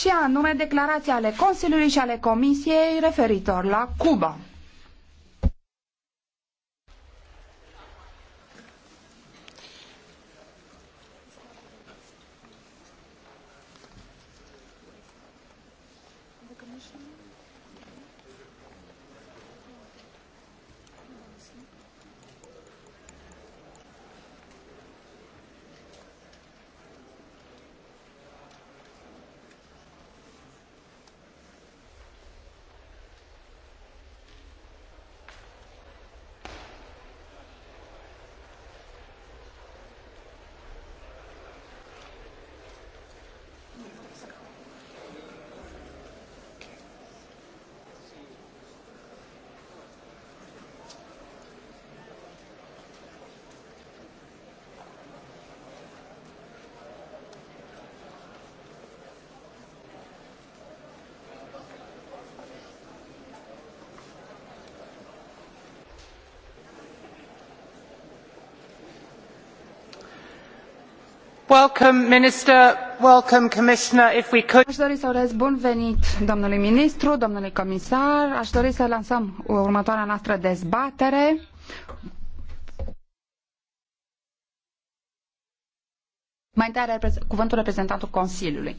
și anume declarații ale Consiliului și ale Comisiei referitor la Cuba. Aș dori să urez bun venit domnului ministru, domnului comisar. Aș dori să lansăm următoarea noastră dezbatere. Mai întâi cuvântul reprezentantul Consiliului.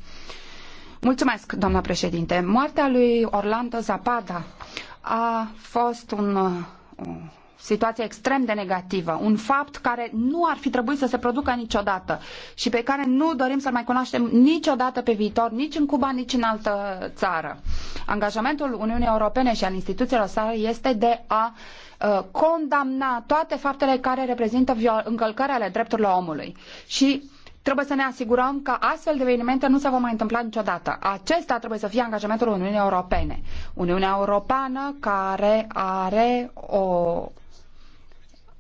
Mulțumesc, doamnă președinte. Moartea lui Orlando Zapata a fost un situație extrem de negativă, un fapt care nu ar fi trebuit să se producă niciodată și pe care nu dorim să-l mai cunoaștem niciodată pe viitor, nici în Cuba, nici în altă țară. Angajamentul Uniunii Europene și al instituțiilor sale este de a uh, condamna toate faptele care reprezintă încălcări ale drepturilor omului. Și trebuie să ne asigurăm că astfel de evenimente nu se vor mai întâmpla niciodată. Acesta trebuie să fie angajamentul Uniunii Europene. Uniunea Europeană care are o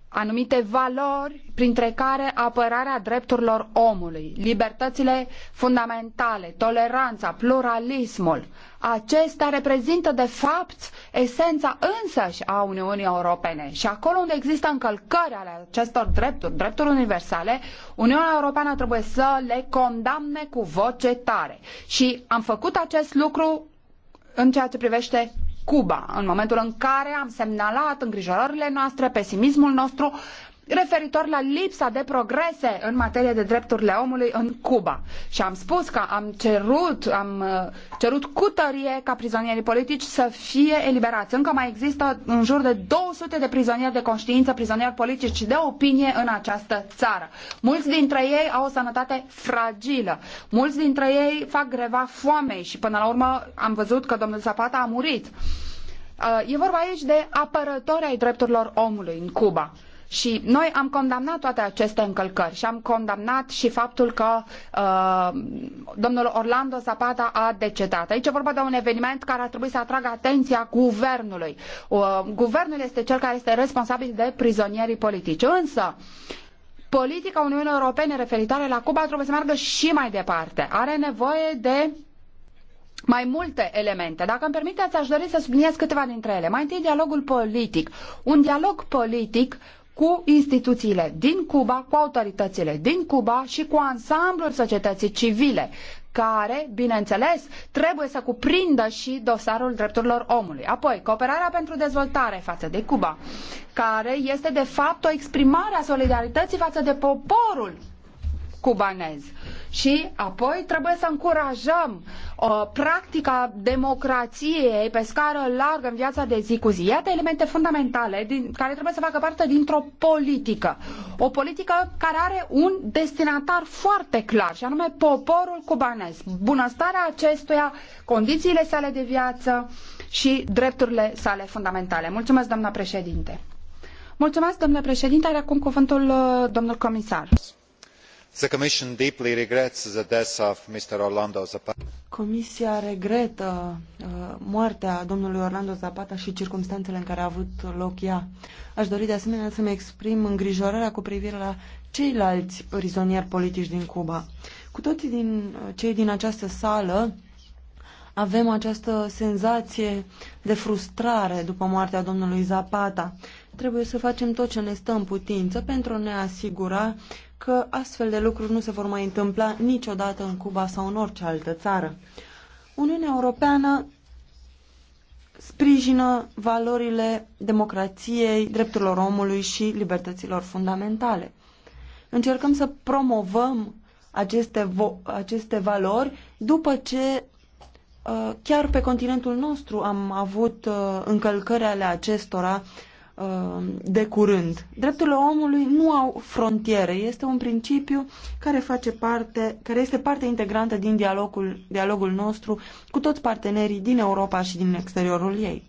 anumite valori, printre care apărarea drepturilor omului, libertățile fundamentale, toleranța, pluralismul. Acestea reprezintă, de fapt, esența însăși a Uniunii Europene. Și acolo unde există încălcări ale acestor drepturi, drepturi universale, Uniunea Europeană trebuie să le condamne cu voce tare. Și am făcut acest lucru în ceea ce privește Cuba, în momentul în care am semnalat îngrijorările noastre, pesimismul nostru referitor la lipsa de progrese în materie de drepturile omului în Cuba. Și am spus că am cerut, am uh, cerut cu tărie ca prizonierii politici să fie eliberați. Încă mai există în jur de 200 de prizonieri de conștiință, prizonieri politici și de opinie în această țară. Mulți dintre ei au o sănătate fragilă. Mulți dintre ei fac greva foamei și până la urmă am văzut că domnul Zapata a murit. Uh, e vorba aici de apărători ai drepturilor omului în Cuba. Și noi am condamnat toate aceste încălcări și am condamnat și faptul că uh, domnul Orlando Zapata a decedat. Aici e vorba de un eveniment care ar trebui să atragă atenția guvernului. Uh, guvernul este cel care este responsabil de prizonierii politici. Însă, politica Uniunii Europene referitoare la Cuba trebuie să meargă și mai departe. Are nevoie de mai multe elemente. Dacă îmi permiteți, aș dori să subliniez câteva dintre ele. Mai întâi, dialogul politic. Un dialog politic cu instituțiile din Cuba, cu autoritățile din Cuba și cu ansamblul societății civile, care, bineînțeles, trebuie să cuprindă și dosarul drepturilor omului. Apoi, cooperarea pentru dezvoltare față de Cuba, care este de fapt o exprimare a solidarității față de poporul cubanez. Și apoi trebuie să încurajăm uh, practica democrației pe scară largă în viața de zi cu zi. Iată elemente fundamentale din, care trebuie să facă parte dintr-o politică. O politică care are un destinatar foarte clar și anume poporul cubanez. Bunăstarea acestuia, condițiile sale de viață și drepturile sale fundamentale. Mulțumesc, doamna președinte. Mulțumesc, domnule președinte. Are acum cuvântul uh, domnul comisar the commission deeply regrets the death of mr orlando zapata. comisia regretă uh, moartea domnului orlando zapata și circumstanțele în care a avut loc ea. aș dori de asemenea să mi exprim îngrijorarea cu privire la ceilalți prizonieri politici din cuba. cu toții din, uh, cei din această sală avem această senzație de frustrare după moartea domnului Zapata. Trebuie să facem tot ce ne stă în putință pentru a ne asigura că astfel de lucruri nu se vor mai întâmpla niciodată în Cuba sau în orice altă țară. Uniunea Europeană sprijină valorile democrației, drepturilor omului și libertăților fundamentale. Încercăm să promovăm aceste, aceste valori după ce uh, chiar pe continentul nostru am avut uh, încălcări ale acestora Uh, de curând. Drepturile omului nu au frontiere. Este un principiu care, face parte, care este parte integrantă din dialogul, dialogul nostru cu toți partenerii din Europa și din exteriorul ei.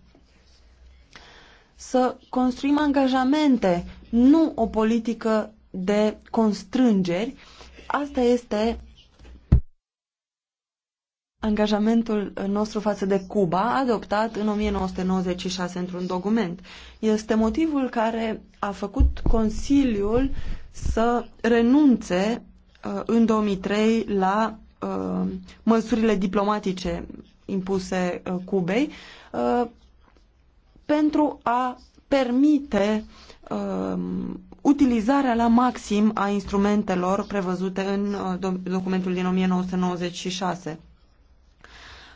Să construim angajamente, nu o politică de constrângeri. Asta este angajamentul nostru față de Cuba, adoptat în 1996 într-un document. Este motivul care a făcut Consiliul să renunțe uh, în 2003 la uh, măsurile diplomatice impuse uh, Cubei pentru a permite utilizarea la maxim a instrumentelor prevăzute în documentul din 1996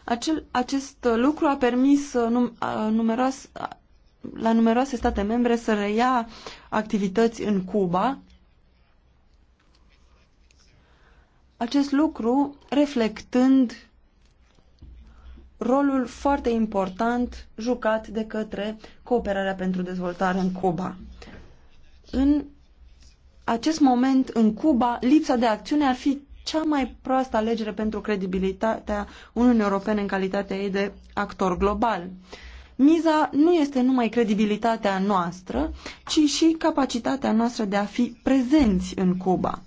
acel, acest lucru a permis uh, num, a, uh, a, uh, la numeroase state membre să reia activități în Cuba. Acest lucru reflectând rolul foarte important jucat de către cooperarea pentru dezvoltare în Cuba. În acest moment, în Cuba, lipsa de acțiune ar fi cea mai proastă alegere pentru credibilitatea Uniunii Europene în calitatea ei de actor global. Miza nu este numai credibilitatea noastră, ci și capacitatea noastră de a fi prezenți în Cuba.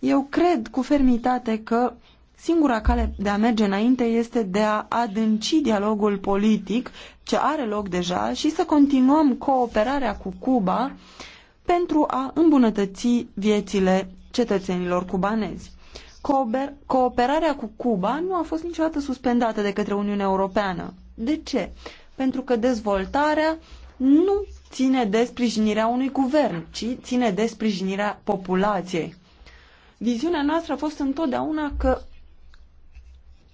Eu cred cu fermitate că singura cale de a merge înainte este de a adânci dialogul politic ce are loc deja și să continuăm cooperarea cu Cuba pentru a îmbunătăți viețile cetățenilor cubanezi cooperarea cu Cuba nu a fost niciodată suspendată de către Uniunea Europeană. De ce? Pentru că dezvoltarea nu ține de sprijinirea unui guvern, ci ține de sprijinirea populației. Viziunea noastră a fost întotdeauna că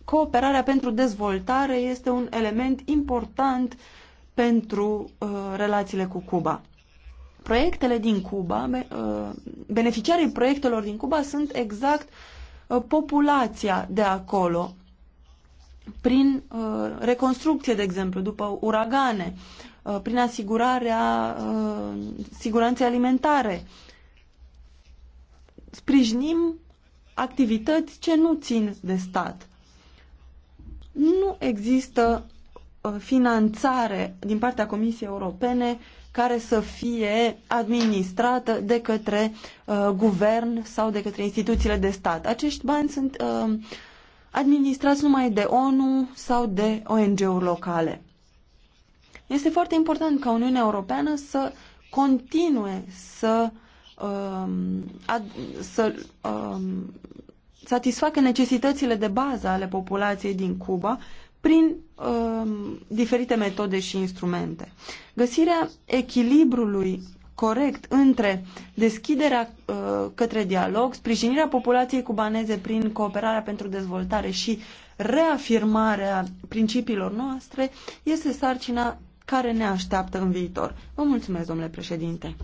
cooperarea pentru dezvoltare este un element important pentru uh, relațiile cu Cuba. Proiectele din Cuba, be, uh, beneficiarii proiectelor din Cuba sunt exact uh, Uh, populația de acolo prin uh, reconstrucție, de exemplu, după uragane, uh, prin asigurarea siguranței alimentare. Sprijinim activități ce nu țin de stat. Nu există finanțare din partea Comisiei Europene care să fie administrată de către uh, guvern sau de către instituțiile de stat. Acești bani sunt uh, administrați numai de ONU sau de ONG-uri locale. Este foarte important ca Uniunea Europeană să continue să, um, ad, să um, satisfacă necesitățile de bază ale populației din Cuba prin uh, diferite metode și instrumente. Găsirea echilibrului corect între deschiderea uh, către dialog, sprijinirea populației cubaneze prin cooperarea pentru dezvoltare și reafirmarea principiilor noastre este sarcina care ne așteaptă în viitor. Vă mulțumesc, domnule președinte.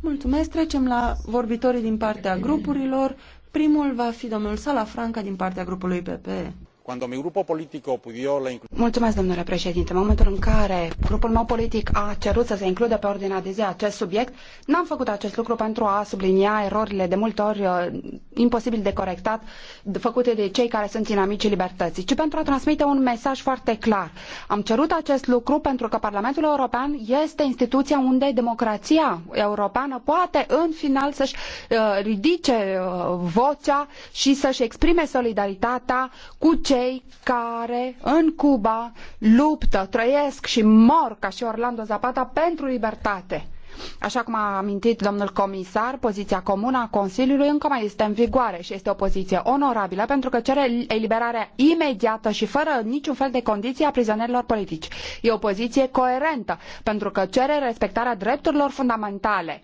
Mulțumesc. Trecem la vorbitorii din partea grupurilor. Primul va fi domnul Sala Franca din partea grupului PPE. Cuando mi grupo politico pidió la Mulțumesc, domnule președinte. În momentul în care grupul meu politic a cerut să se includă pe ordinea de zi acest subiect, n-am făcut acest lucru pentru a sublinia erorile de multe ori uh, imposibil de corectat făcute de cei care sunt inamicii libertății, ci pentru a transmite un mesaj foarte clar. Am cerut acest lucru pentru că Parlamentul European este instituția unde democrația europeană poate în final să-și uh, ridice uh, vocea și să-și exprime solidaritatea cu cei cei care în Cuba luptă, trăiesc și mor ca și Orlando Zapata pentru libertate. Așa cum a amintit domnul comisar, poziția comună a Consiliului încă mai este în vigoare și este o poziție onorabilă pentru că cere eliberarea imediată și fără niciun fel de condiții a prizonierilor politici. E o poziție coerentă pentru că cere respectarea drepturilor fundamentale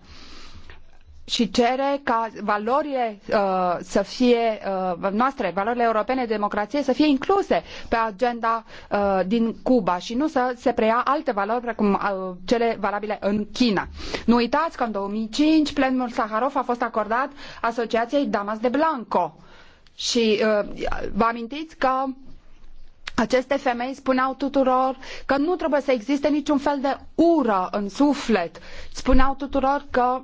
și cere ca valorile uh, să fie uh, noastre, valorile europene de democrație să fie incluse pe agenda uh, din Cuba și nu să se preia alte valori precum uh, cele valabile în China. Nu uitați că în 2005 plenul Saharov a fost acordat asociației Damas de Blanco și uh, vă amintiți că aceste femei spuneau tuturor că nu trebuie să existe niciun fel de ură în suflet. Spuneau tuturor că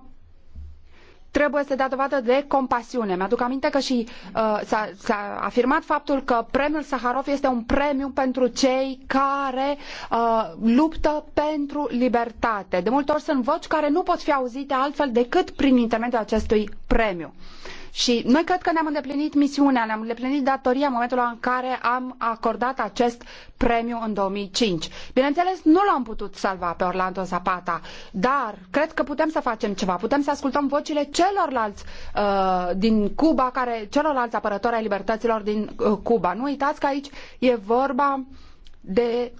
trebuie să dea dovadă de compasiune. Mi-aduc aminte că și uh, s-a, afirmat faptul că premiul Saharov este un premiu pentru cei care uh, luptă pentru libertate. De multe ori sunt voci care nu pot fi auzite altfel decât prin intermediul acestui premiu. Uh, și noi cred că ne-am îndeplinit misiunea, ne-am îndeplinit datoria în momentul în care am acordat acest premiu în 2005. Bineînțeles, nu l-am putut salva pe Orlando Zapata, dar cred că putem să facem ceva. Putem să ascultăm vocile celorlalți uh, din Cuba, care, celorlalți apărători ai libertăților din uh, Cuba. Nu uitați că aici e vorba de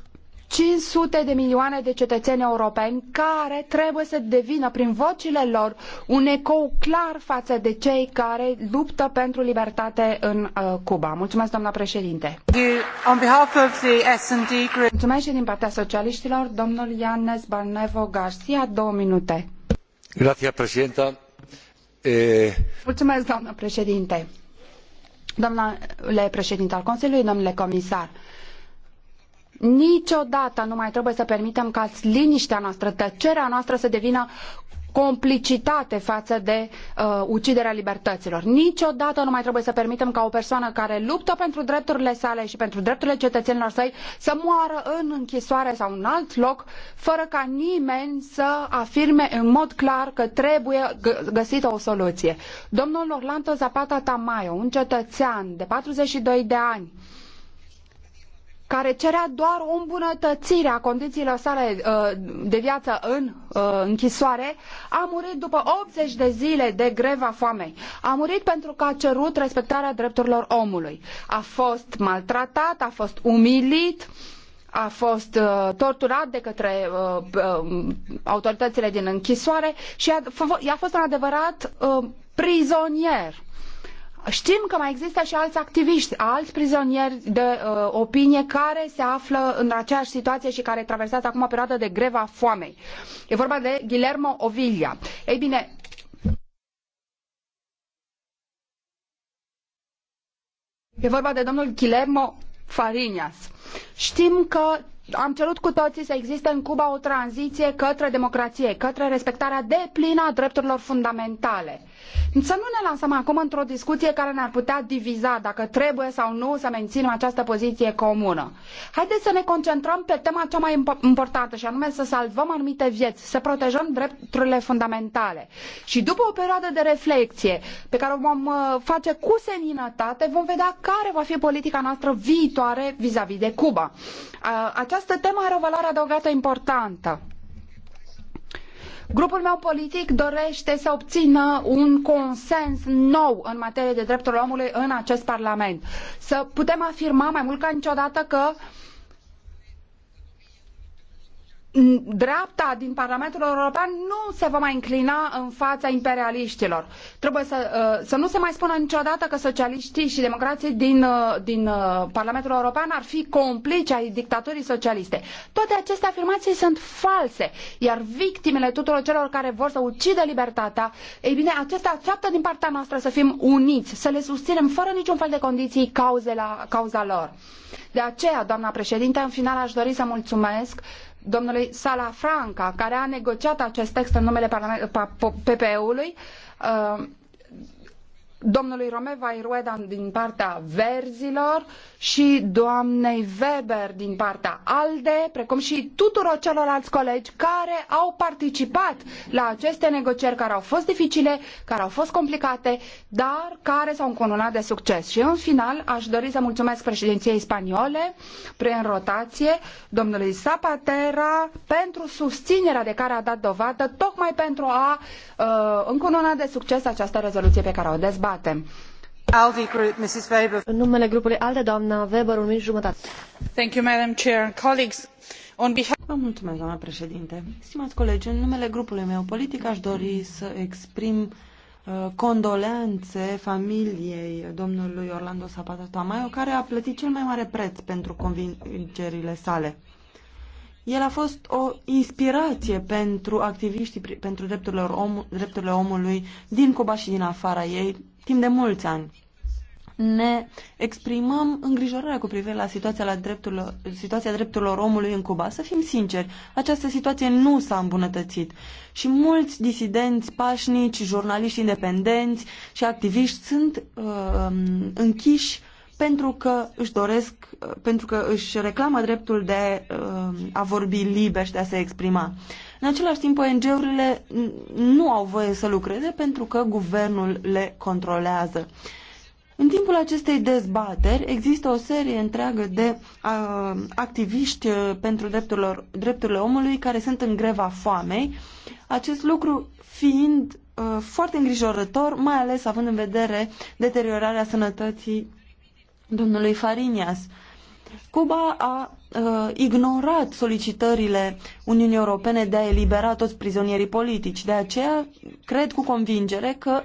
500 de milioane de cetățeni europeni care trebuie să devină prin vocile lor un ecou clar față de cei care luptă pentru libertate în uh, Cuba. Mulțumesc, doamna președinte. Mulțumesc și din partea socialiștilor, domnul Ianes Barnevo Garcia, două minute. Grazie, președinta. E... Eh, Mulțumesc, doamnă președinte. Domnule președinte al Consiliului, domnule comisar, Niciodată nu mai trebuie să permitem ca liniștea noastră, tăcerea noastră să devină complicitate față de uh, uciderea libertăților. Niciodată nu mai trebuie să permitem ca o persoană care luptă pentru drepturile sale și pentru drepturile cetățenilor săi să moară în închisoare sau în alt loc, fără ca nimeni să afirme în mod clar că trebuie găsită o soluție. Domnul Orlando Zapata Tamayo, un cetățean de 42 de ani, uh, care cerea doar o îmbunătățire a condițiilor sale uh, de viață în uh, închisoare, a murit după 80 de zile de greva foamei. A murit pentru că a cerut respectarea drepturilor omului. A fost maltratat, a fost umilit, a fost uh, torturat de către autoritățile din închisoare și a, a fost un adevărat prizonier. Știm că mai există și alți activiști, alți prizonieri de uh, opinie care se află în aceeași situație și care traversează acum o perioadă de greva foamei. E vorba de Guillermo Ovilia. Ei bine, E vorba de domnul Guillermo Farinas. Știm că am cerut cu toții să existe în Cuba o tranziție către democrație, către respectarea deplină a drepturilor fundamentale. Uh, să nu ne lansăm acum într-o discuție care ne-ar putea diviza dacă trebuie sau nu să menținem această poziție comună. Haideți să ne concentrăm pe tema cea mai importantă și anume să salvăm anumite vieți, să protejăm drepturile fundamentale. Și după o perioadă de reflexie pe care o vom uh, face cu seninătate, vom vedea care va fi politica noastră viitoare vis-a-vis de Cuba. Uh, această temă are o valoare adăugată importantă. Grupul meu politic dorește să obțină un consens nou în materie de drepturile omului în acest Parlament. Să putem afirma mai mult ca niciodată că uh, dreapta din Parlamentul European nu se va mai înclina în fața imperialiștilor. Trebuie să, uh, să nu se mai spună niciodată că socialiștii și democrații din, uh, din uh, Parlamentul European ar fi complici ai dictaturii socialiste. Toate aceste afirmații sunt false, iar victimele tuturor celor care vor să ucidă libertatea, ei bine, acestea așteaptă din partea noastră să fim uniți, să le susținem fără niciun fel de condiții cauze la, cauza lor. De aceea, doamna președinte, în final aș dori să mulțumesc uh, domnului Salafranca, care a negociat acest text în numele ppe ului uh, domnului Romeva Iruedan din partea Verzilor și doamnei Weber din partea ALDE, precum și tuturor celorlalți colegi care au participat la aceste negocieri care au fost dificile, care au fost complicate, dar care s-au încununat de succes. Și în final aș dori să mulțumesc președinției spaniole, prin rotație, domnului Zapatera, pentru susținerea de care a dat dovadă, tocmai pentru a uh, încununa de succes această rezoluție pe care o dezbatem private. Weber. În numele grupului ALDE, doamna Weber, un minut jumătate. Thank you, Madam Chair. Colleagues, on behalf... Vă mulțumesc, doamna președinte. Stimați colegi, în numele grupului meu politic aș dori să exprim uh, condoleanțe familiei domnului Orlando Zapata Tamayo, care a plătit cel mai mare preț pentru convingerile sale el a fost o inspirație pentru activiștii pentru drepturile, om, drepturile omului din Cuba și din afara ei timp de mulți ani. Ne exprimăm îngrijorarea cu privire la situația, la drepturilor, situația drepturilor omului în Cuba. Să fim sinceri, această situație nu s-a îmbunătățit și mulți disidenți, pașnici, jurnaliști independenți și activiști sunt uh, închiși pentru că își doresc, pentru că își reclamă dreptul de uh, a vorbi liber și de a se exprima. În același timp, ONG-urile nu au voie să lucreze pentru că guvernul le controlează. În timpul acestei dezbateri există o serie întreagă de uh, activiști uh, pentru drepturilor, drepturile omului care sunt în greva foamei, acest lucru fiind uh, foarte îngrijorător, mai ales având în vedere deteriorarea sănătății domnului Farinias. Cuba a uh, ignorat solicitările Uniunii Europene de a elibera toți prizonierii politici. De aceea, cred cu convingere că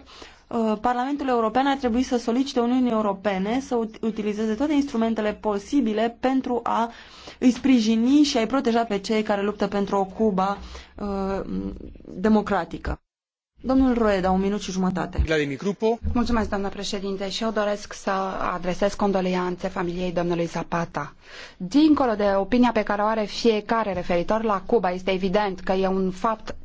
uh, Parlamentul European ar trebui să solicite Uniunii Europene să utilizeze toate instrumentele posibile pentru a îi sprijini și a-i proteja pe cei care luptă pentru o Cuba uh, democratică. Domnul Roeda, un minut și jumătate. Mulțumesc, doamnă președinte, și eu doresc să adresez condoleanțe familiei domnului Zapata. Dincolo de opinia pe care o are fiecare referitor la Cuba, este evident că e un fapt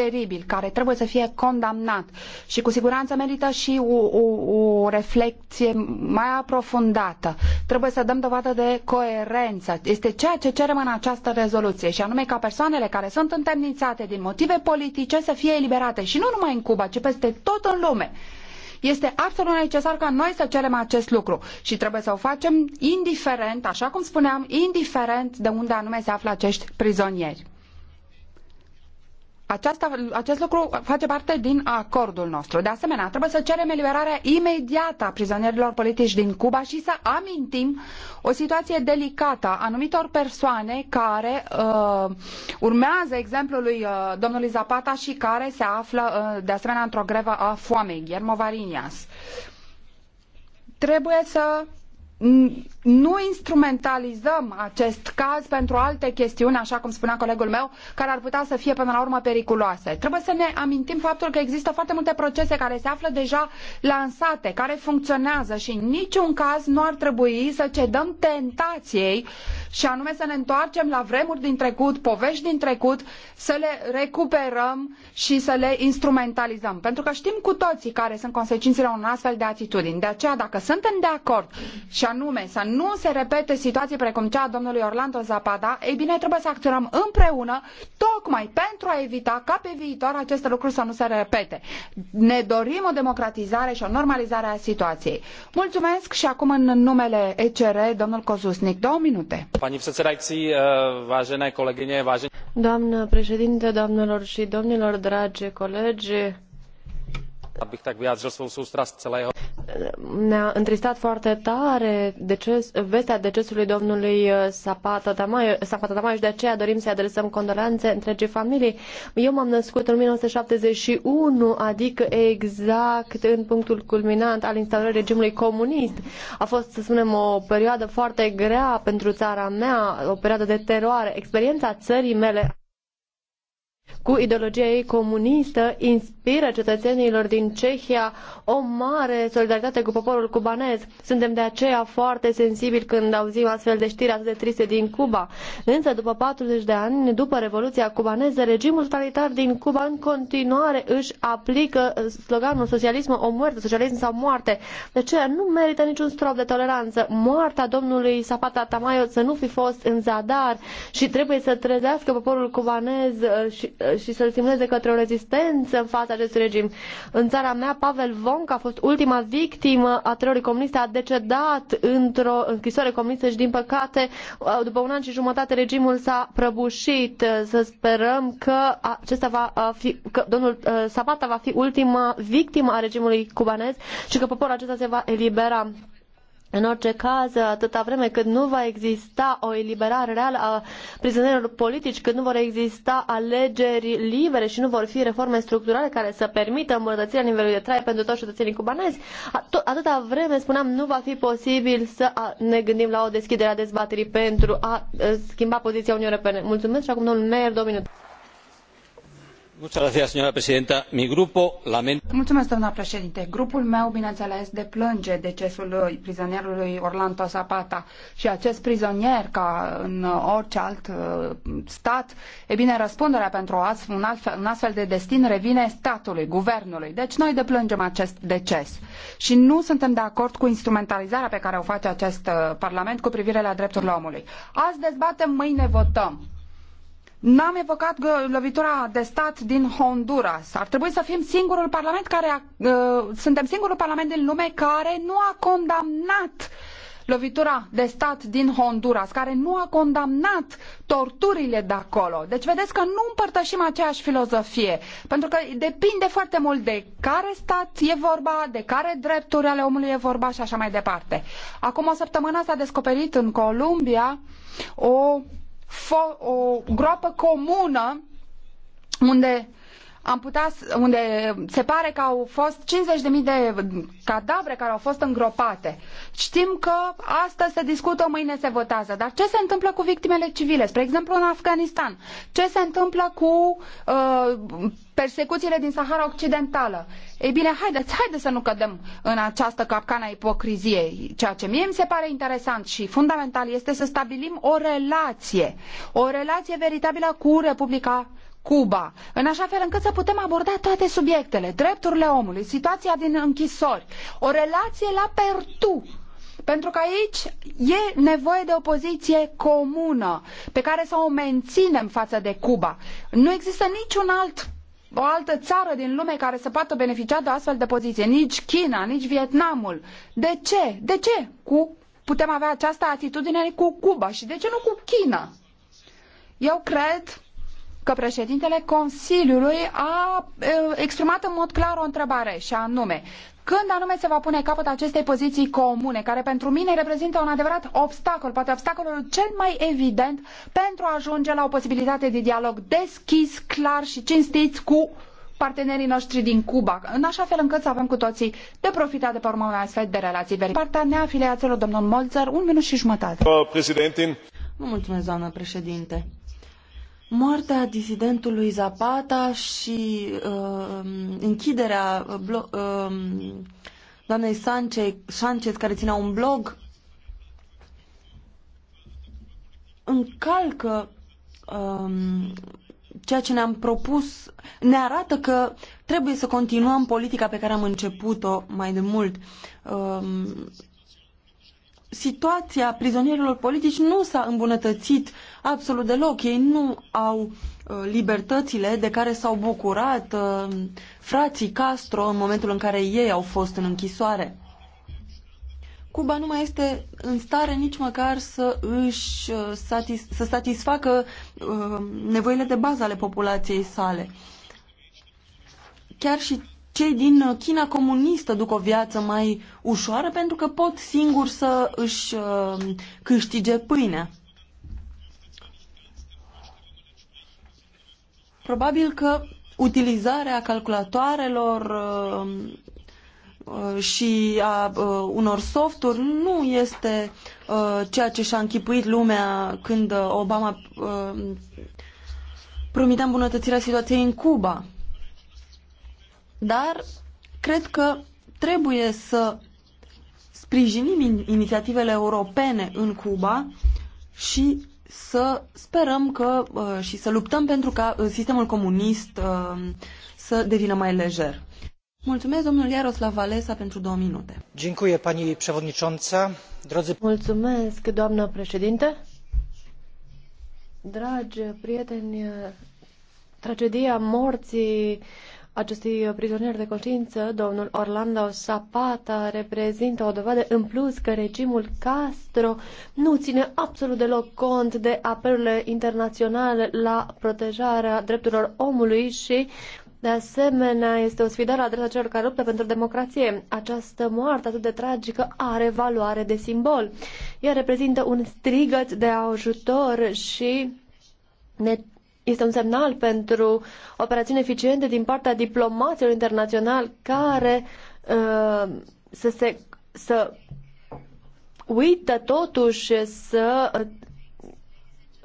teribil, care trebuie să fie condamnat și cu siguranță merită și o, o, o reflexie mai aprofundată. Trebuie să dăm dovadă de coerență. Este ceea ce cerem în această rezoluție și anume ca persoanele care sunt întemnițate din motive politice să fie eliberate și nu numai în Cuba, ci peste tot în lume. Este absolut necesar ca noi să cerem acest lucru și trebuie să o facem indiferent, așa cum spuneam, indiferent de unde anume se află acești prizonieri. Aceasta, acest lucru face parte din acordul nostru. De asemenea, trebuie să cerem eliberarea imediată a prizonierilor politici din Cuba și să amintim o situație delicată a anumitor persoane care uh, urmează exemplului uh, domnului Zapata și care se află uh, de asemenea într-o grevă a foamei, Guillermo Varinias. Trebuie să nu instrumentalizăm acest caz pentru alte chestiuni, așa cum spunea colegul meu, care ar putea să fie până la urmă periculoase. Trebuie să ne amintim faptul că există foarte multe procese care se află deja lansate, care funcționează și în niciun caz nu ar trebui să cedăm tentației și anume să ne întoarcem la vremuri din trecut, povești din trecut, să le recuperăm și să le instrumentalizăm. Pentru că știm cu toții care sunt consecințele unor astfel de atitudini. De aceea, dacă suntem de acord și anume să nu se repete situaii precum cea a domnului Orlando Zapata, ei bine, trebuie să acționăm împreună tocmai pentru a evita ca pe viitor aceste lucruri să nu se repete. Ne dorim o democratizare și o normalizare a situației. Mulțumesc și acum în numele ECR, domnul Cozusnic, două minute. Pani předsedající, eh, vážené kolegyně, vážení... Doamnă președinte, doamnelor și domnilor, dragi colegi, tak ne-a întristat foarte tare deces, vestea decesului domnului Sapata uh, Tamayo, Sapata și de aceea dorim să-i adresăm condolențe întregii familii. Eu m-am născut în 1971, adică exact în punctul culminant al instaurării regimului comunist. A fost, să spunem, o perioadă foarte grea pentru țara mea, o perioadă de teroare. Experiența țării mele cu ideologia ei comunistă inspiră cetățenilor din Cehia o mare solidaritate cu poporul cubanez. Suntem de aceea foarte sensibili când auzim astfel de știri atât de triste din Cuba. Însă, după 40 de ani, după Revoluția cubaneză, regimul totalitar din Cuba în continuare își aplică sloganul socialism o moarte, socialism sau moarte. De aceea nu merită niciun strop de toleranță. Moartea domnului Zapata Tamayo să nu fi fost în zadar și trebuie să trezească poporul cubanez uh, și și să-l simuleze către o rezistență în fața acestui regim. În țara mea, Pavel Vonc a fost ultima victimă a terorii comuniste, a decedat într-o închisoare comunistă și, din păcate, după un an și jumătate, regimul s-a prăbușit. Să sperăm că acesta va fi, că domnul Sabata uh, va fi ultima victimă a regimului cubanez și că poporul acesta se va elibera. În orice caz, atâta vreme cât nu va exista o eliberare reală a prizonierilor politici, cât nu vor exista alegeri libere și nu vor fi reforme structurale care să permită îmbunătățirea nivelului de trai pentru toți cetățenii cubanezi, atâta vreme, spuneam, nu va fi posibil să ne gândim la o deschidere a dezbaterii pentru a uh, schimba poziția Uniunii Europene. Mulțumesc și acum domnul Meier, două minute grupul meu bineînțeles deplânge decesul prizonierului orlando zapata și acest prizonier ca în orice alt uh, stat e bine răspunderea pentru un, un astfel de destin revine statului guvernului deci noi deplângem acest deces și nu suntem de acord cu instrumentalizarea pe care o face acest uh, parlament cu privire la drepturile omului azi dezbatem mâine votăm N-am evocat lovitura de stat din Honduras. Ar trebui să fim singurul parlament care a, uh, suntem singurul parlament din lume care nu a condamnat lovitura de stat din Honduras, care nu a condamnat torturile de acolo. Deci vedeți că nu împărtășim aceeași filozofie, pentru că depinde foarte mult de care stat e vorba, de care drepturi ale omului e vorba și așa mai departe. Acum o săptămână s-a descoperit în Columbia o o groapă comună unde am putea, unde se pare că au fost 50.000 de cadavre care au fost îngropate. Știm că astăzi se discută, mâine se votează, dar ce se întâmplă cu victimele civile? Spre exemplu, în Afganistan. Ce se întâmplă cu uh, persecuțiile din Sahara Occidentală? Ei bine, haideți, haideți să nu cădem în această capcană a ipocriziei. Ceea ce mie mi se pare interesant și fundamental este să stabilim o relație, o relație veritabilă cu Republica Cuba, în așa fel încât să putem aborda toate subiectele, drepturile omului, situația din închisori, o relație la pertu pentru că aici e nevoie de o poziție comună pe care să o menținem față de Cuba. Nu există niciun alt o altă țară din lume care să poată beneficia de o astfel de poziție, nici China, nici Vietnamul. De ce? De ce cu putem avea această atitudine cu Cuba și de ce nu cu China? Eu cred că președintele Consiliului a exprimat în mod clar o întrebare și anume când anume se va pune capăt acestei poziții comune, care pentru mine reprezintă un adevărat obstacol, poate obstacolul cel mai evident pentru a ajunge la o posibilitate de dialog deschis, clar și cinstit cu partenerii noștri din Cuba, în așa fel încât să avem cu toții de profitat de pe urma unei astfel de relații veri. Partea neafiliaților, domnul Molzer, un minut și jumătate. Mulțumesc, doamnă președinte. Moartea disidentului Zapata și uh, închiderea uh, blo- uh, doamnei Sanchez, care ținea un blog, încalcă uh, ceea ce ne-am propus, ne arată că trebuie să continuăm politica pe care am început-o mai de mult. Uh, situația prizonierilor politici nu s-a îmbunătățit absolut deloc. Ei nu au uh, libertățile de care s-au bucurat uh, frații Castro în momentul în care ei au fost în închisoare. Cuba nu mai este în stare nici măcar să își uh, satis- să satisfacă nevoile de bază ale populației sale. Chiar și cei din China comunistă duc o viață mai ușoară pentru că pot singur să își uh, câștige pâinea. Probabil că utilizarea calculatoarelor uh, uh, și a unor softuri nu este ceea ce și-a închipuit lumea când Obama promitea îmbunătățirea situației în Cuba. Dar cred că trebuie să sprijinim inițiativele europene în Cuba și să sperăm că uh, și să luptăm pentru ca uh, sistemul comunist uh, să devină mai lejer. Mulțumesc, domnul Iaroslav Valesa, pentru două minute. Dziękuję, pani przewodnicząca. Drodzy... Mulțumesc, doamnă președinte. Dragi prieteni, tragedia morții acestui prizonier de conștiință, domnul Orlando Zapata, reprezintă o dovadă în plus că regimul Castro nu ține absolut deloc cont de apelurile internaționale la protejarea drepturilor omului și de asemenea, este o sfidare la adresa celor care luptă pentru democrație. Această moarte atât de tragică are valoare de simbol. Ea reprezintă un strigăt de ajutor și ne este un semnal pentru operațiuni eficiente din partea diplomaților internaționali care uh, să se să uită totuși să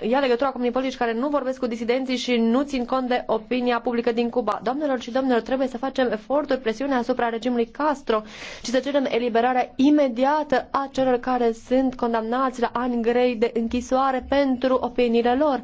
ia legătura cu unii politici care nu vorbesc cu disidenții și nu țin cont de opinia publică din Cuba. Doamnelor și domnilor, trebuie să facem eforturi, presiune asupra regimului Castro și să cerem eliberarea imediată a celor care sunt condamnați la ani grei de închisoare pentru opiniile lor.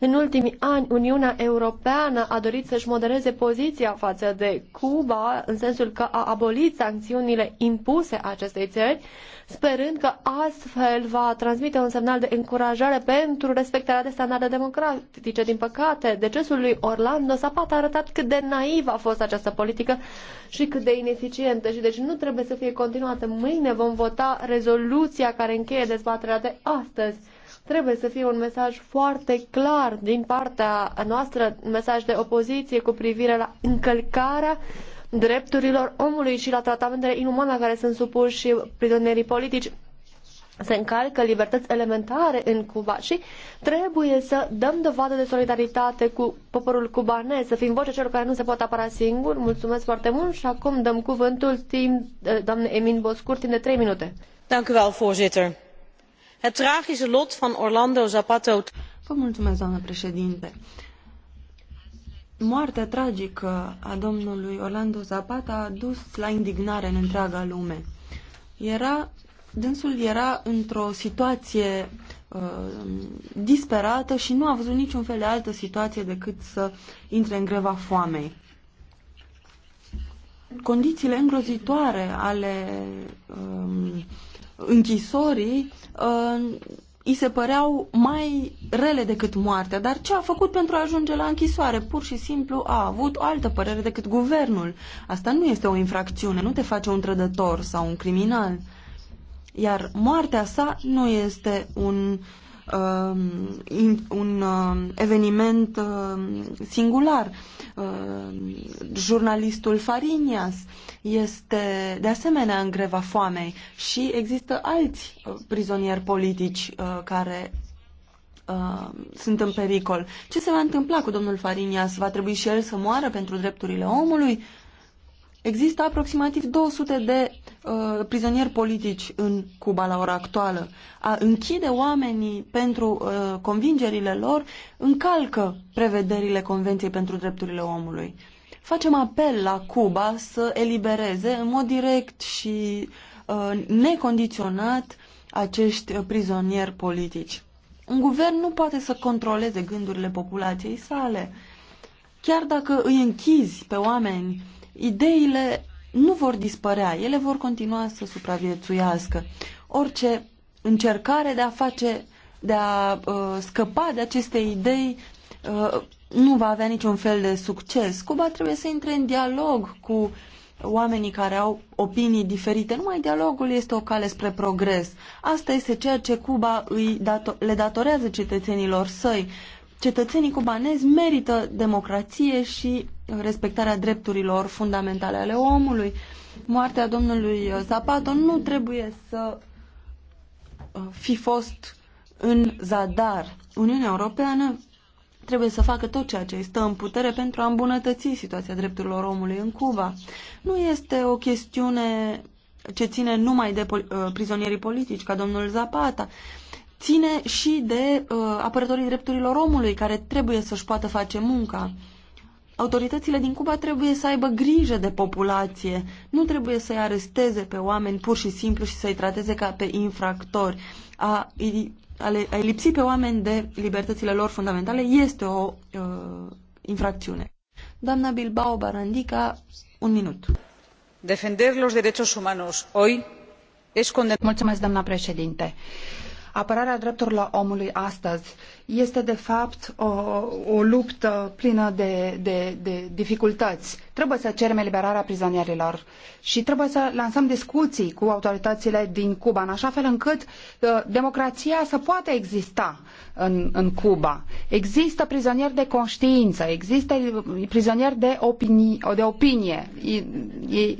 În ultimii ani, Uniunea Europeană a dorit să-și modereze poziția față de Cuba, în sensul că a abolit sancțiunile impuse acestei țări, sperând că astfel va transmite un semnal de încurajare pentru respect respectarea de standarde democratice. Din păcate, decesul lui Orlando Zapata a arătat cât de naivă a fost această politică și cât de ineficientă și deci nu trebuie să fie continuată. Mâine vom vota rezoluția care încheie dezbaterea de astăzi trebuie să fie un mesaj foarte clar din partea noastră, un mesaj de opoziție cu privire la încălcarea drepturilor omului și la tratamentele inumane la care sunt supuși prizonierii politici se încalcă libertăți elementare în Cuba și trebuie să dăm dovadă de solidaritate cu poporul cubanez, să fim vocea celor care nu se pot apăra singuri. Mulțumesc foarte mult și acum dăm cuvântul timp eh, doamne Emin Boscur timp de 3 minute. Dank u wel, voorzitter. Het tragische lot van Orlando Zapato. Vă mulțumesc, doamnă președinte. Moartea tragică a domnului Orlando Zapata a dus la indignare în întreaga lume. Era dânsul era într-o situație uh, disperată și nu a văzut niciun fel de altă situație decât să intre în greva foamei. Condițiile îngrozitoare ale uh, închisorii uh, îi se păreau mai rele decât moartea, dar ce a făcut pentru a ajunge la închisoare? Pur și simplu a avut o altă părere decât guvernul. Asta nu este o infracțiune, nu te face un trădător sau un criminal. Uh, iar moartea sa nu este un, uh, in, un uh, eveniment uh, singular. Uh, jurnalistul Farinias este de asemenea în greva foamei și există alți uh, prizonieri politici uh, care uh, sunt în pericol. Ce se va întâmpla cu domnul Farinias? Va trebui și el să moară pentru drepturile omului? Există aproximativ 200 de uh, prizonieri politici în Cuba la ora actuală. A închide oamenii pentru uh, convingerile lor încalcă prevederile Convenției pentru Drepturile Omului. Facem apel la Cuba să elibereze în mod direct și uh, necondiționat acești uh, prizonieri politici. Un guvern nu poate să controleze gândurile populației sale. Chiar dacă îi închizi pe oameni Ideile nu vor dispărea, ele vor continua să supraviețuiască. Orice încercare de a face, de a uh, scăpa de aceste idei uh, nu va avea niciun fel de succes. Cuba trebuie să intre în dialog cu oamenii care au opinii diferite. Numai dialogul este o cale spre progres. Asta este ceea ce Cuba îi dato- le datorează cetățenilor săi. Cetățenii cubanezi merită democrație și respectarea drepturilor fundamentale ale omului. Moartea domnului Zapato nu trebuie să uh, fi fost în zadar. Uniunea Europeană trebuie să facă tot ceea ce îi stă în putere pentru a îmbunătăți situația drepturilor omului în Cuba. Nu este o chestiune ce ține numai de pol- uh, prizonierii politici, ca domnul Zapata, ține și de uh, apărătorii drepturilor omului, care trebuie să-și poată face munca. Autoritățile din Cuba trebuie să aibă grijă de populație. Nu trebuie să-i aresteze pe oameni pur și simplu și să-i trateze ca pe infractori. A, a, le, a lipsi pe oameni de libertățile lor fundamentale este o uh, infracțiune. Doamna Bilbao Barandica, un minut. Defender los derechos humanos hoy es condenar... Mulțumesc, doamna președinte. Uh, Apărarea drepturilor omului astăzi este de fapt o, o luptă plină de, de, de dificultăți. Trebuie să cerem eliberarea prizonierilor și trebuie să lansăm discuții cu autoritățile din Cuba, în așa fel încât uh, democrația să poată exista în, în Cuba. Există prizonieri de conștiință, există prizonieri de, opinii, de opinie.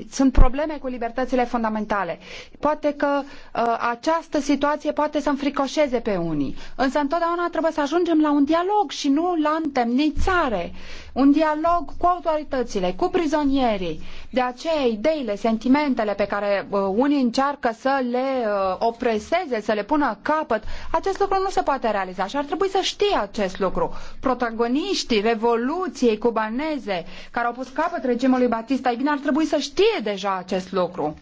Sunt probleme cu libertățile fundamentale. Poate că a, uh, această situație poate să înfricoșeze pe unii. Însă întotdeauna trebuie să ajungem la un dialog și nu la întemnițare. Un dialog cu autoritățile, cu prizonierii. De aceea, ideile, sentimentele pe care uh, unii încearcă să le uh, opreseze, să le pună capăt, acest lucru nu se poate realiza și ar trebui să știe acest lucru. Protagoniștii Revoluției cubaneze care au pus capăt regimului Batista, ei bine, ar trebui să știe deja acest lucru.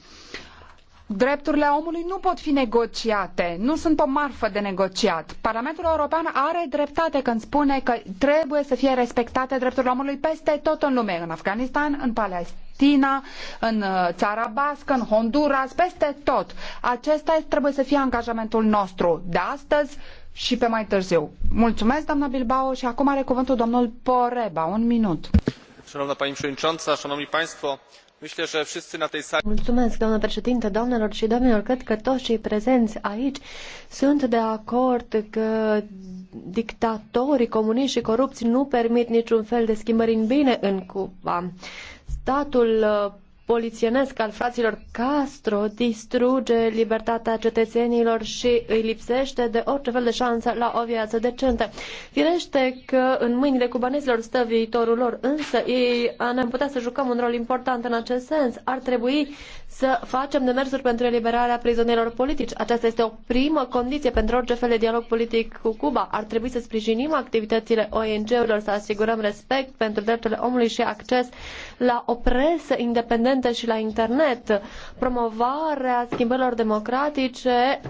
Drepturile omului nu pot fi negociate, nu sunt o marfă de negociat. Parlamentul European are dreptate când spune că trebuie să fie respectate drepturile omului peste tot în lume, în Afganistan, în Palestina, în uh, țara bască, în Honduras, peste tot. Acesta trebuie să fie angajamentul nostru de astăzi și pe mai târziu. Mulțumesc, doamna Bilbao, și acum are cuvântul domnul Poreba. Un minut. Szanowna Pani Państwo, Mulțumesc, doamnă președinte, doamnelor și domnilor. Cred că toți cei prezenți aici sunt de acord că dictatorii comuniști și corupți nu permit niciun fel de schimbări în bine în Cuba. Statul polițienesc al fraților Castro distruge libertatea cetățenilor și îi lipsește de orice fel de șansă la o viață decentă. Firește că în mâinile cubanezilor stă viitorul lor, însă ei ne-am putea să jucăm un rol important în acest sens. Ar trebui să facem demersuri pentru eliberarea prizonierilor politici. Aceasta este o primă condiție pentru orice fel de dialog politic cu Cuba. Ar trebui să sprijinim activitățile ONG-urilor, să asigurăm respect pentru drepturile omului și acces la o presă independentă și la internet, promovarea schimbărilor democratice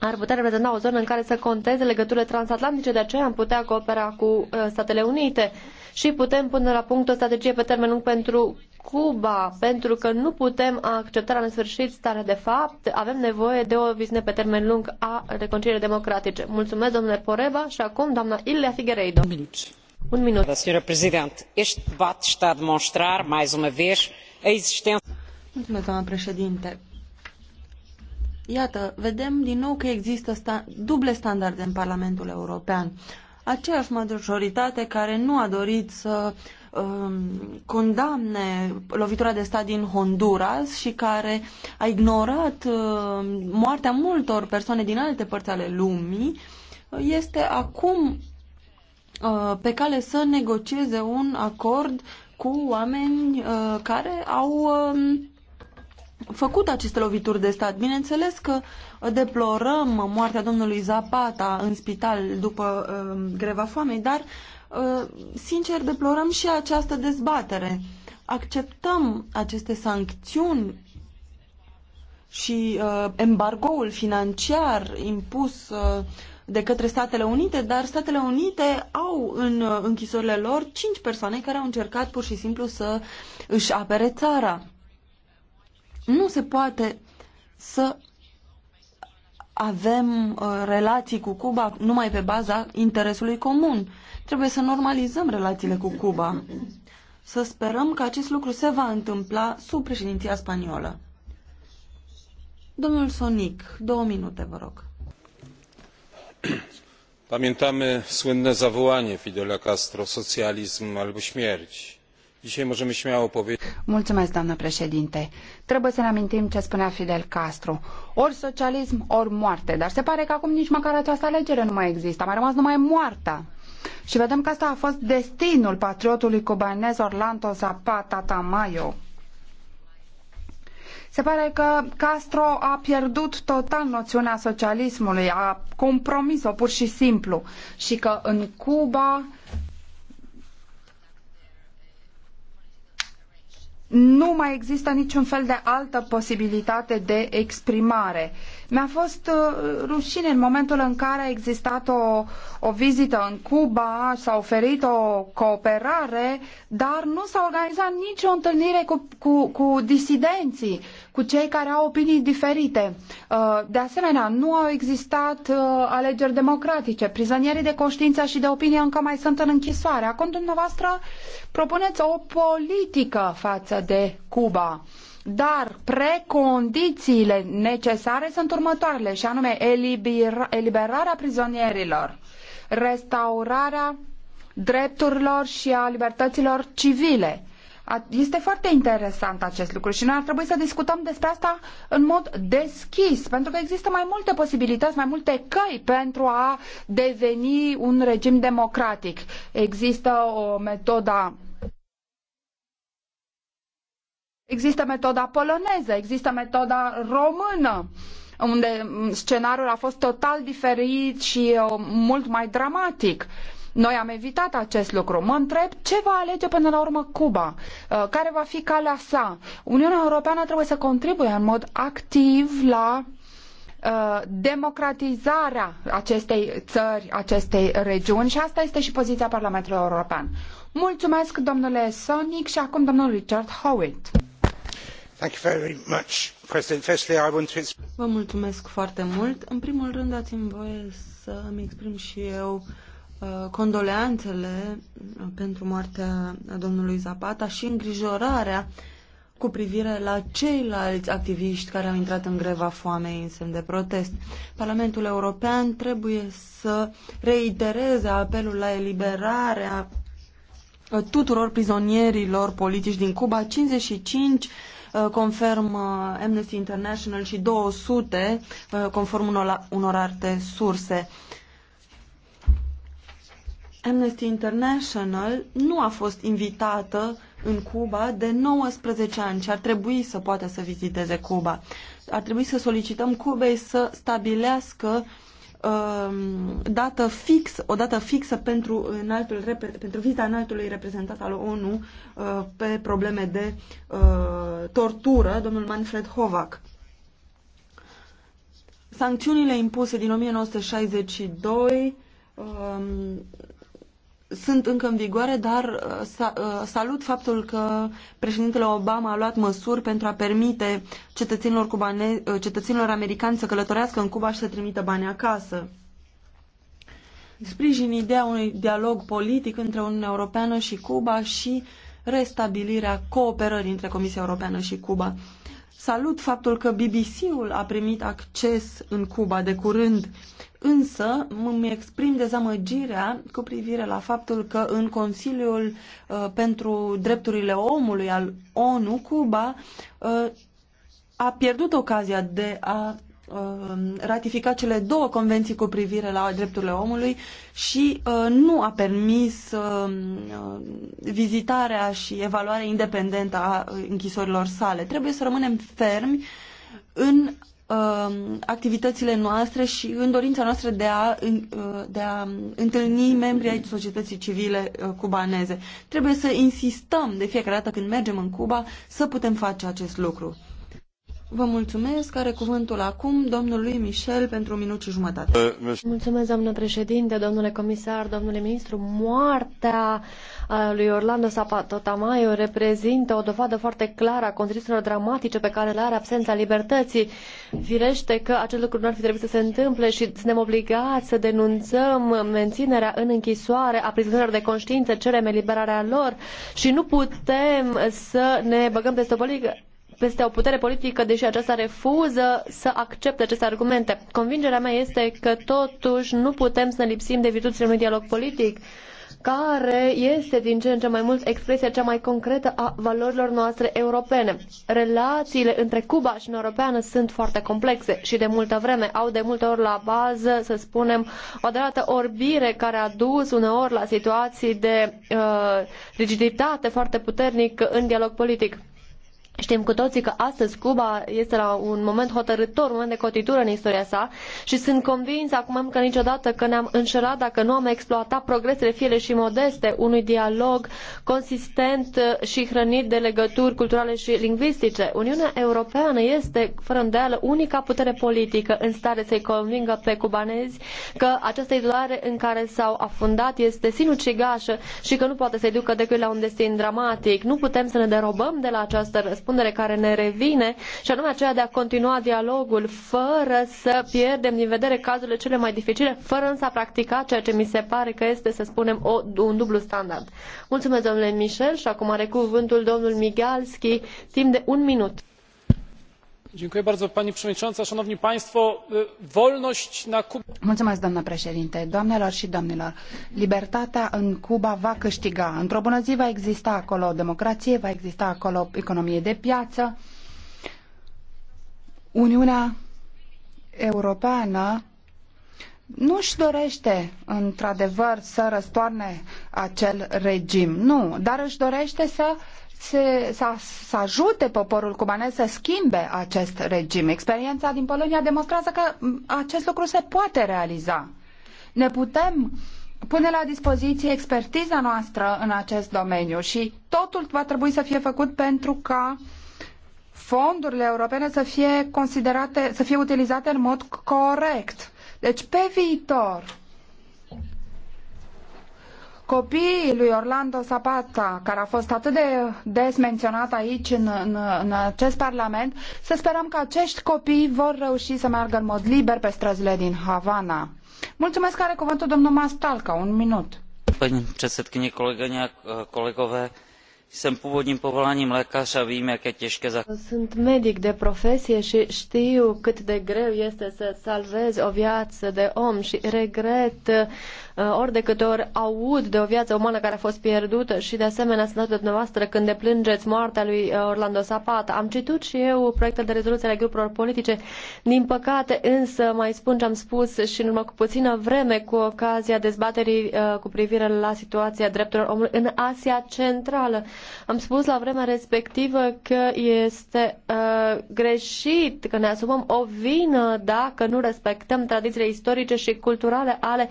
ar putea reprezenta o zonă în care să conteze legăturile transatlantice, de aceea am putea coopera cu uh, Statele Unite și putem pune la punct o strategie pe termen lung pentru Cuba, pentru că nu putem accepta la nesfârșit starea de fapt. Avem nevoie de o viziune pe termen lung a reconcilierii democratice. Mulțumesc, domnule Poreva, și acum doamna Ilia Figueiredo. Un minut. Domnule președinte, este debat está a demonstra, mai o vez, a existența. Mulțumesc, doamna președinte. Iată, vedem din nou că există sta duble standarde în Parlamentul European. Aceeași majoritate care nu a dorit să uh, Um, condamne lovitura de stat din Honduras și care a ignorat um, moartea multor persoane din alte părți ale lumii, uh, este acum uh, pe cale să negocieze un acord cu oameni uh, care au um, făcut aceste lovituri de stat. Bineînțeles că deplorăm moartea domnului Zapata în spital după greva foamei, dar Uh, sincer deplorăm și această dezbatere. Acceptăm aceste sancțiuni și uh, embargoul financiar impus uh, de către Statele Unite, dar Statele Unite au în uh, închisorile lor cinci persoane care au încercat pur și simplu să își apere țara. Nu se poate să avem uh, relații cu Cuba numai pe baza interesului comun. Trebuie să normalizăm relațiile cu Cuba. Să sperăm că acest lucru se va întâmpla sub președinția spaniolă. Domnul Sonic, două minute, vă rog. Pamiętamy słynne zawołanie Fidela Castro, socjalizm albo śmierć Mulțumesc, președinte. Trebuie să ne amintim ce spunea Fidel Castro. Ori socialism, ori moarte. Dar se pare că acum nici măcar această alegere nu mai există. A mai rămas numai moartea. Și vedem că asta a fost destinul patriotului cubanez Orlando Zapata Tamayo. Se pare că Castro a pierdut total noțiunea socialismului, a compromis-o pur și simplu și că în Cuba nu mai există niciun fel de altă posibilitate de exprimare. Uh, mi-a fost uh, rușine în momentul în care a existat o, o vizită în Cuba, s-a oferit o cooperare, dar nu s-a organizat nicio întâlnire cu, cu, cu disidenții, cu cei care au opinii diferite. Uh, de asemenea, nu au existat uh, alegeri democratice. Prizonierii de conștiință și de opinie încă mai sunt în închisoare. Acum dumneavoastră propuneți o politică față de Cuba. Dar precondițiile necesare sunt următoarele, și anume eliberarea prizonierilor, restaurarea drepturilor și a libertăților civile. Este foarte interesant acest lucru și noi ar trebui să discutăm despre asta în mod deschis, pentru că există mai multe posibilități, mai multe căi pentru a deveni un regim democratic. Există o metodă Există metoda poloneză, există metoda română, unde scenariul a fost total diferit și uh, mult mai dramatic. Noi am evitat acest lucru. Mă întreb ce va alege până la urmă Cuba, uh, care va fi calea sa. Uniunea Europeană trebuie să contribuie în mod activ la uh, democratizarea acestei țări, acestei regiuni și asta este și poziția Parlamentului European. Mulțumesc, domnule Sonic, și acum domnul Richard Howitt. Vă mulțumesc foarte mult. În primul rând, dați-mi voie să îmi exprim și eu uh, condoleanțele uh, pentru moartea domnului Zapata și îngrijorarea cu privire la ceilalți activiști care au intrat în greva foamei în semn de protest. Parlamentul European trebuie să reitereze apelul la eliberarea uh, tuturor prizonierilor politici din Cuba, 55 Uh, conform uh, Amnesty International, și 200 uh, conform unor, alte surse. Amnesty International nu a fost invitată în Cuba de 19 ani și ar trebui să poată să viziteze Cuba. Ar trebui să solicităm Cubei să stabilească uh, Um, dată fix, o dată fixă pentru, înaltul, pentru vizita înaltului reprezentat al ONU uh, pe probleme de uh, tortură, domnul Manfred Hovac. Sancțiunile impuse din 1962 sunt încă în vigoare, dar uh, uh, salut faptul că președintele Obama a luat măsuri pentru a permite cetățenilor, cubane, uh, cetățenilor americani să călătorească în Cuba și să trimită bani acasă. Sprijin ideea unui dialog politic între Uniunea Europeană și Cuba și restabilirea cooperării între Comisia Europeană și Cuba. Salut faptul că BBC-ul a primit acces în Cuba de curând Însă îmi exprim dezamăgirea cu privire la faptul că în Consiliul uh, pentru Drepturile Omului al ONU, Cuba uh, a pierdut ocazia de a uh, ratifica cele două convenții cu privire la drepturile omului și uh, nu a permis uh, vizitarea și evaluarea independentă a închisorilor sale. Trebuie să rămânem fermi în Um, activitățile noastre și în dorința noastră de a, uh, de a întâlni membrii ai societății civile uh, cubaneze. Trebuie să insistăm de fiecare dată când mergem în Cuba să putem face acest lucru. Vă mulțumesc. Are cuvântul acum domnului Michel pentru un minut și jumătate. Uh, mulțumesc, doamnă președinte, domnule comisar, domnule ministru. Moartea uh, lui Orlando Sapato Tamayo reprezintă o dovadă foarte clară a condițiilor dramatice pe care le are absența libertății. Firește că acest lucru nu ar fi trebuit să se întâmple și suntem obligați să denunțăm menținerea în închisoare a prizonierilor de conștiință, cerem eliberarea lor și nu putem să ne băgăm peste o peste o putere politică, deși aceasta refuză să accepte aceste argumente. Convingerea mea este că totuși nu putem să ne lipsim de virtuțile unui dialog politic care este din ce în ce mai mult expresia cea mai concretă a valorilor noastre europene. Relațiile între Cuba și Uniunea Europeană sunt foarte complexe și de multă vreme au de multe ori la bază, să spunem, o adevărată orbire care a dus uneori la situații de uh, rigiditate foarte puternic în dialog politic. Știm cu toții că astăzi Cuba este la un moment hotărător, un moment de cotitură în istoria sa și sunt convins acum că niciodată că ne-am înșelat dacă nu am exploatat progresele fiele și modeste unui dialog consistent și hrănit de legături culturale și lingvistice. Uniunea Europeană este, fără îndeală, unica putere politică în stare să-i convingă pe cubanezi că această izolare în care s-au afundat este sinucigașă și că nu poate să-i ducă decât la un destin dramatic. Nu putem să ne derobăm de la această răspundere răspundere care ne revine, și anume aceea de a continua dialogul fără să pierdem din vedere cazurile cele mai dificile, fără însă a practica ceea ce mi se pare că este, să spunem, o, un dublu standard. Mulțumesc, domnule Michel, și acum are cuvântul domnul Migalski, timp de un minut președinte. libertatea în cuba va câștiga într o bună zi va exista acolo democrație va exista acolo economie de piață uniunea europeană nu își dorește într-adevăr să răstoarne acel regim, nu, dar își dorește să se, să, să ajute poporul cubanez să schimbe acest regim. Experiența din Polonia demonstrează că acest lucru se poate realiza. Ne putem pune la dispoziție expertiza noastră în acest domeniu și totul va trebui să fie făcut pentru ca fondurile europene să fie considerate, să fie utilizate în mod corect. Deci, pe viitor, Copiii lui Orlando Zapata, care a fost atât de des menționat aici în, în, în acest parlament, să sperăm că acești copii vor reuși să meargă în mod liber pe străzile din Havana. Mulțumesc, are cuvântul domnul Mastalka, un minut. Paní předsedkyně, kolegyně a kolegové, jsem původním povoláním lékař a vím, jak je těžké za... Sunt medic de profesie și știu cât de greu este să salvezi o viață de om și regret Uh, ori de câte ori aud de o viață umană care a fost pierdută și de asemenea sunt alături dumneavoastră când deplângeți moartea lui uh, Orlando Zapata. Am citit și eu proiectul de rezoluție ale grupurilor politice. Din păcate însă mai spun ce am spus și în urmă cu puțină vreme cu ocazia dezbaterii uh, cu privire la situația drepturilor omului în Asia Centrală. Am spus la vremea respectivă că este uh, greșit că ne asumăm o vină dacă nu respectăm tradițiile istorice și culturale ale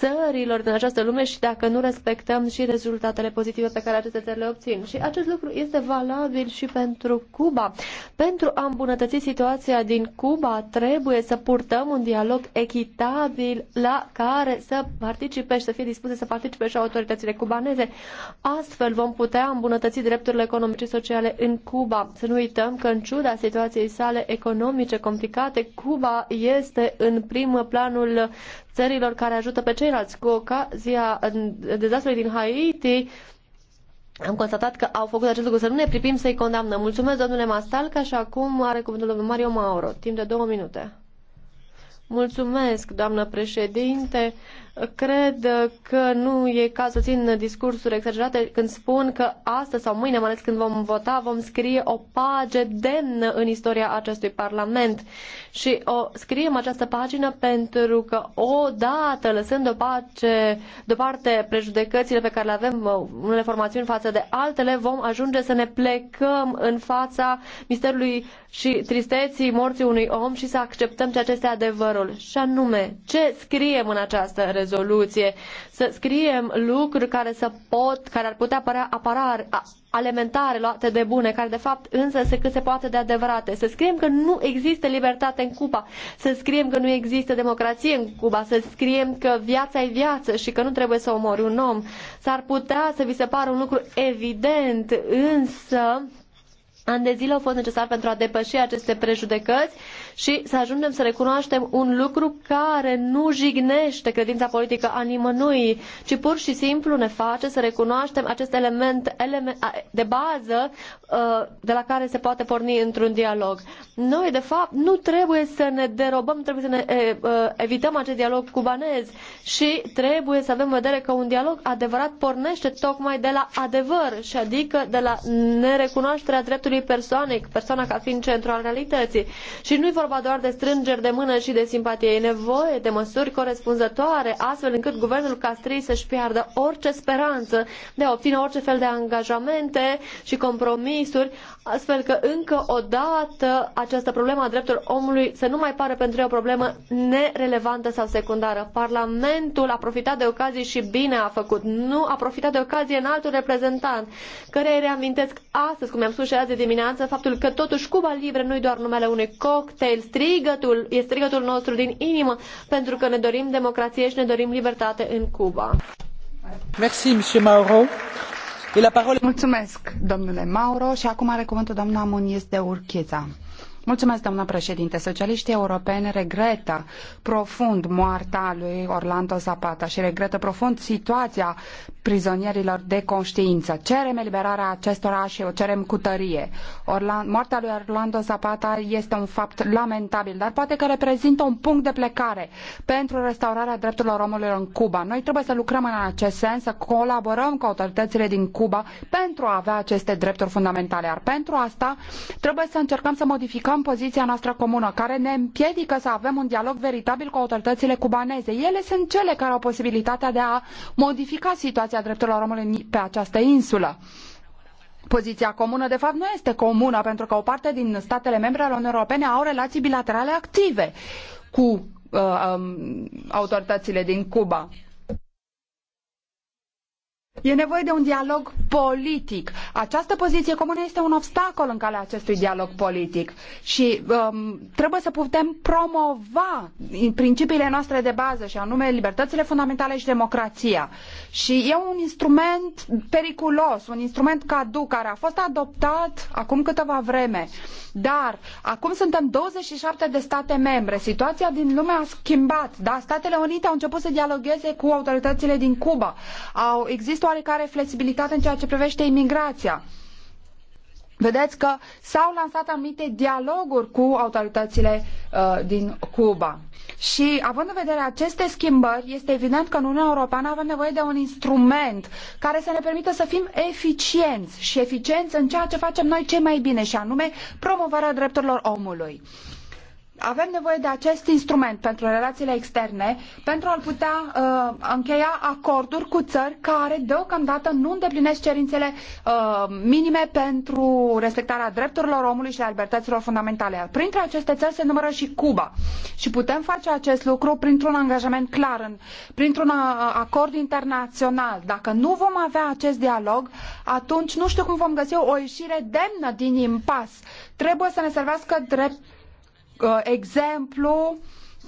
țărilor din această lume și dacă nu respectăm și rezultatele pozitive pe care aceste țări le obțin. Și acest lucru este valabil și pentru Cuba. Pentru a îmbunătăți situația din Cuba, trebuie să purtăm un dialog echitabil la care să participe și să fie dispuse să participe și autoritățile cubaneze. Astfel vom putea îmbunătăți drepturile economice și sociale în Cuba. Să nu uităm că în ciuda situației sale economice complicate, Cuba este în primul planul țărilor care ajută pe ceilalți. Cu ocazia dezastrului din Haiti, am constatat că au făcut acest lucru. Să nu ne pripim să-i condamnăm. Mulțumesc, domnule Mastalca, și acum are cuvântul domnul Mario Mauro, timp de două minute. Mulțumesc, doamnă președinte. Cred că nu e caz să țin discursuri exagerate când spun că astăzi sau mâine, mai ales când vom vota, vom scrie o pagină demnă în istoria acestui Parlament. Și o scriem această pagină pentru că odată, lăsând deoparte, deoparte prejudecățile pe care le avem uh, unele formațiuni față de altele, vom ajunge să ne plecăm în fața misterului și tristeții morții unui om și să acceptăm ceea ce este adevărul. Și anume, ce scriem în această rezoluție? rezoluție, să scriem lucruri care să pot, care ar putea părea aparar, alimentare luate de bune, care de fapt însă se cât se poate de adevărate. Să scriem că nu există libertate în Cuba, să scriem că nu există democrație în Cuba, să scriem că viața e viață și că nu trebuie să omori un om. S-ar putea să vi se pară un lucru evident, însă ani de zile au fost necesar pentru a depăși aceste prejudecăți și să ajungem să recunoaștem un lucru care nu jignește credința politică a nimănui, ci pur și simplu ne face să recunoaștem acest element, element de bază uh, de la care se poate porni într-un dialog. Noi, de fapt, nu trebuie să ne derobăm, trebuie să ne uh, evităm acest dialog cubanez și trebuie să avem în vedere că un dialog adevărat pornește tocmai de la adevăr și adică de la nerecunoașterea dreptului persoanei, persoana ca fiind centrul al realității. Și nu-i vorba vorba doar de strângeri de mână și de simpatie. E nevoie de măsuri corespunzătoare, astfel încât guvernul Castrei să-și piardă orice speranță de a obține orice fel de angajamente și compromisuri, astfel că încă o dată această problemă a drepturilor omului să nu mai pare pentru ei o problemă nerelevantă sau secundară. Parlamentul a profitat de ocazie și bine a făcut. Nu a profitat de ocazie în altul reprezentant, care îi reamintesc astăzi, cum i-am spus și azi de dimineață, faptul că totuși Cuba Libre nu-i doar numele unui cocktail, el strigătul, e strigătul nostru din inimă, pentru că ne dorim democrație și ne dorim libertate în Cuba. Merci, Mauro. Parole... Mulțumesc, domnule Mauro. Și acum are cuvântul doamna Muniz de Urcheza. Mulțumesc, doamna președinte. Socialiștii europeni regretă profund moartea lui Orlando Zapata și regretă profund situația prizonierilor de conștiință. Cerem eliberarea acestora și o cerem cu tărie. moartea lui Orlando Zapata este un fapt lamentabil, dar poate că reprezintă un punct de plecare pentru restaurarea drepturilor omului în Cuba. Noi trebuie să lucrăm în acest sens, să colaborăm cu autoritățile din Cuba pentru a avea aceste drepturi fundamentale. Iar pentru asta trebuie să încercăm să modificăm aplicăm poziția noastră comună, care ne împiedică să avem un dialog veritabil cu autoritățile cubaneze. Ele sunt cele care au posibilitatea de a modifica situația drepturilor omului pe această insulă. Poziția comună, de fapt, nu este comună, pentru că o parte din statele membre ale Uniunii Europene au relații bilaterale active cu uh, um, autoritățile din Cuba. E nevoie de un dialog politic. Această poziție comună este un obstacol în calea acestui dialog politic și um, trebuie să putem promova principiile noastre de bază și anume libertățile fundamentale și democrația. Și e un instrument periculos, un instrument cadu care a fost adoptat acum câteva vreme. Dar acum suntem 27 de state membre. Situația din lume a schimbat. Da? Statele Unite au început să dialogueze cu autoritățile din Cuba. Au, există oarecare flexibilitate în ceea ce privește imigrația. Vedeți că s-au lansat anumite dialoguri cu autoritățile uh, din Cuba. Și având în vedere aceste schimbări, este evident că în Uniunea Europeană avem nevoie de un instrument care să ne permită să fim eficienți și eficienți în ceea ce facem noi cei mai bine, și anume promovarea drepturilor omului. Avem nevoie de acest instrument pentru relațiile externe pentru a putea uh, încheia acorduri cu țări care deocamdată nu îndeplinesc cerințele uh, minime pentru respectarea drepturilor omului și a libertăților fundamentale. Printre aceste țări se numără și Cuba. Și putem face acest lucru printr-un angajament clar, printr-un uh, acord internațional. Dacă nu vom avea acest dialog, atunci nu știu cum vom găsi o ieșire demnă din impas. Trebuie să ne servească drept Uh, exemplu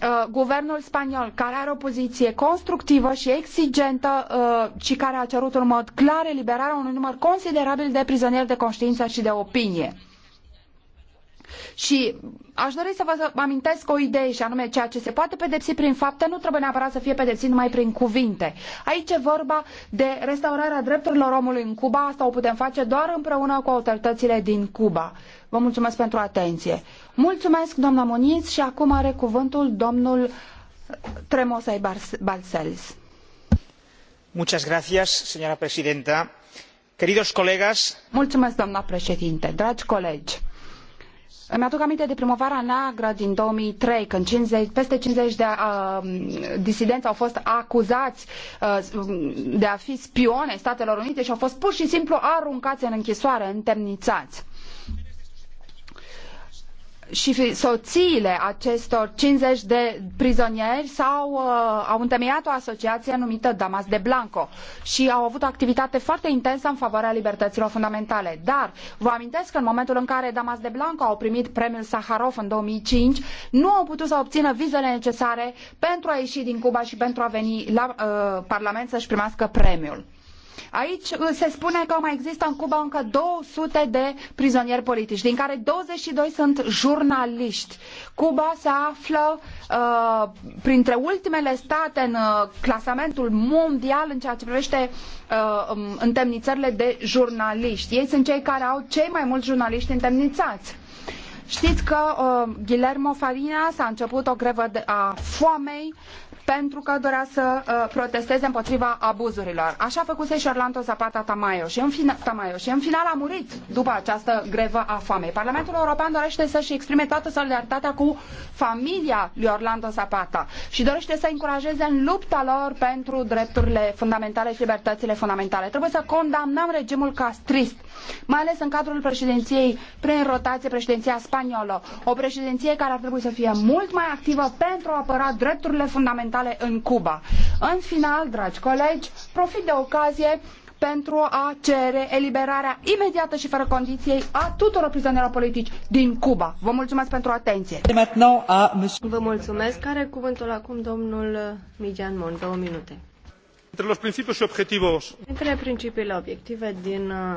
uh, guvernul spaniol, care are o poziție constructivă și exigentă uh, și care a cerut în mod clar eliberarea unui număr considerabil de prizonieri de conștiință și de opinie. Și aș dori să vă amintesc o idee și anume ceea ce se poate pedepsi prin fapte nu trebuie neapărat să fie pedepsit numai prin cuvinte. Aici e vorba de restaurarea drepturilor omului în Cuba, asta o putem face doar împreună cu autoritățile din Cuba. Vă mulțumesc pentru atenție. Mulțumesc, doamna Moniz și acum are cuvântul domnul Tremosai Balcells. Muchas gracias, señora presidenta. Queridos colegas. Mulțumesc, doamna președinte, dragi colegi. Îmi aduc aminte de primăvara neagră din 2003, când 50, peste 50 de uh, disidenți au fost acuzați uh, de a fi spione Statelor Unite și au fost pur și simplu aruncați în închisoare, întemnițați și soțiile acestor 50 de prizonieri s-au, uh, au întemeiat o asociație numită Damas de Blanco și au avut o activitate foarte intensă în favoarea libertăților fundamentale. Dar vă amintesc că în momentul în care Damas de Blanco au primit premiul Saharov în 2005, nu au putut să obțină vizele necesare pentru a ieși din Cuba și pentru a veni la uh, Parlament să-și primească premiul. Aici se spune că mai există în Cuba încă 200 de prizonieri politici, din care 22 sunt jurnaliști. Cuba se află uh, printre ultimele state în uh, clasamentul mondial în ceea ce privește uh, um, întemnițările de jurnaliști. Ei sunt cei care au cei mai mulți jurnaliști întemnițați. Știți că uh, Guillermo Farina s-a început o grevă de, a foamei pentru că dorea să uh, protesteze împotriva abuzurilor. Așa a făcut și Orlando Zapata Tamayo și, în fina, Tamayo și în final a murit după această grevă a foamei. Parlamentul European dorește să-și exprime toată solidaritatea cu familia lui Orlando Zapata și dorește să încurajeze în lupta lor pentru drepturile fundamentale și libertățile fundamentale. Trebuie să condamnăm regimul castrist, mai ales în cadrul președinției prin rotație președinția spaniolă, o președinție care ar trebui să fie mult mai activă pentru a apăra drepturile fundamentale occidentale în Cuba. În final, dragi colegi, profit de ocazie pentru a cere eliberarea imediată și fără condiții a tuturor prizonierilor politici din Cuba. Vă mulțumesc pentru atenție. Vă mulțumesc. Care cuvântul acum domnul Mijan Mon? Două minute. Între principiile obiective din uh,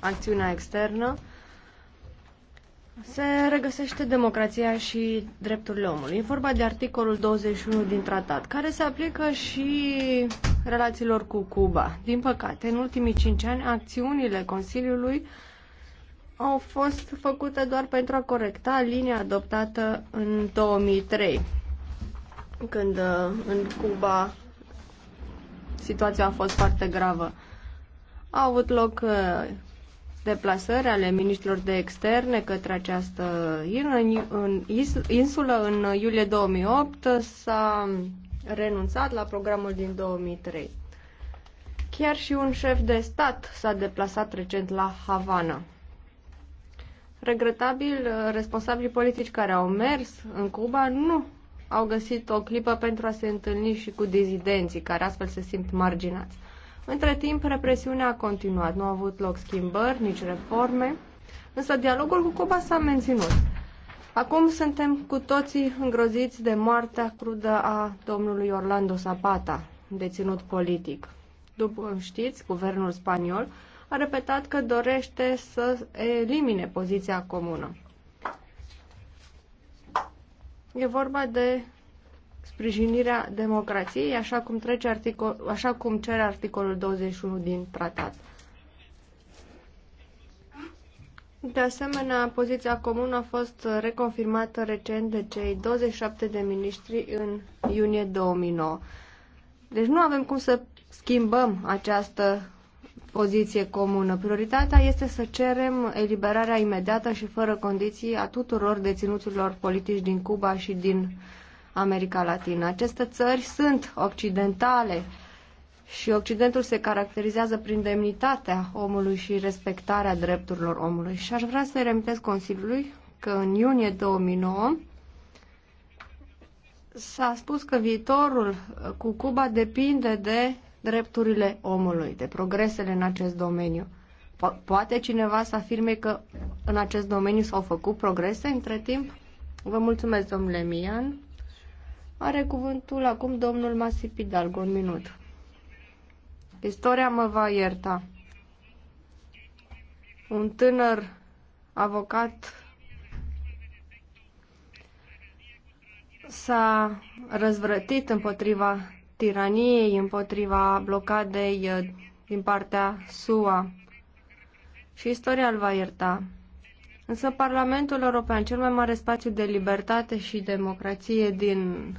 acțiunea externă, se regăsește democrația și drepturile omului. E vorba de articolul 21 din tratat, care se aplică și relațiilor cu Cuba. Din păcate, în ultimii cinci ani, acțiunile Consiliului au fost făcute doar pentru a corecta linia adoptată în 2003, când uh, în Cuba situația a fost foarte gravă. Au avut loc uh, deplasări ale ministrilor de externe către această insulă. În iulie 2008 s-a renunțat la programul din 2003. Chiar și un șef de stat s-a deplasat recent la Havana. Regretabil, responsabilii politici care au mers în Cuba nu au găsit o clipă pentru a se întâlni și cu dizidenții care astfel se simt marginați. Între timp, represiunea a continuat, nu au avut loc schimbări, nici reforme, însă dialogul cu Cuba s-a menținut. Acum suntem cu toții îngroziți de moartea crudă a domnului Orlando Zapata, deținut politic. După cum știți, guvernul spaniol a repetat că dorește să elimine poziția comună. E vorba de sprijinirea democrației, așa cum, trece articol, așa cum cere articolul 21 din tratat. De asemenea, poziția comună a fost reconfirmată recent de cei 27 de miniștri în iunie 2009. Deci nu avem cum să schimbăm această poziție comună. Prioritatea este să cerem eliberarea imediată și fără condiții a tuturor deținuților politici din Cuba și din America Latină. Aceste țări sunt occidentale și Occidentul se caracterizează prin demnitatea omului și respectarea drepturilor omului. Și aș vrea să-i remitesc Consiliului că în iunie 2009 s-a spus că viitorul cu Cuba depinde de drepturile omului, de progresele în acest domeniu. Po- poate cineva să afirme că în acest domeniu s-au făcut progrese între timp? Vă mulțumesc, domnule Mian. Are cuvântul acum domnul Masip Hidalgo, un minut. Istoria mă va ierta. Un tânăr avocat s-a răzvrătit împotriva tiraniei, împotriva blocadei uh, din partea SUA. Și istoria îl va ierta. Însă Parlamentul European, cel mai mare spațiu de libertate și democrație din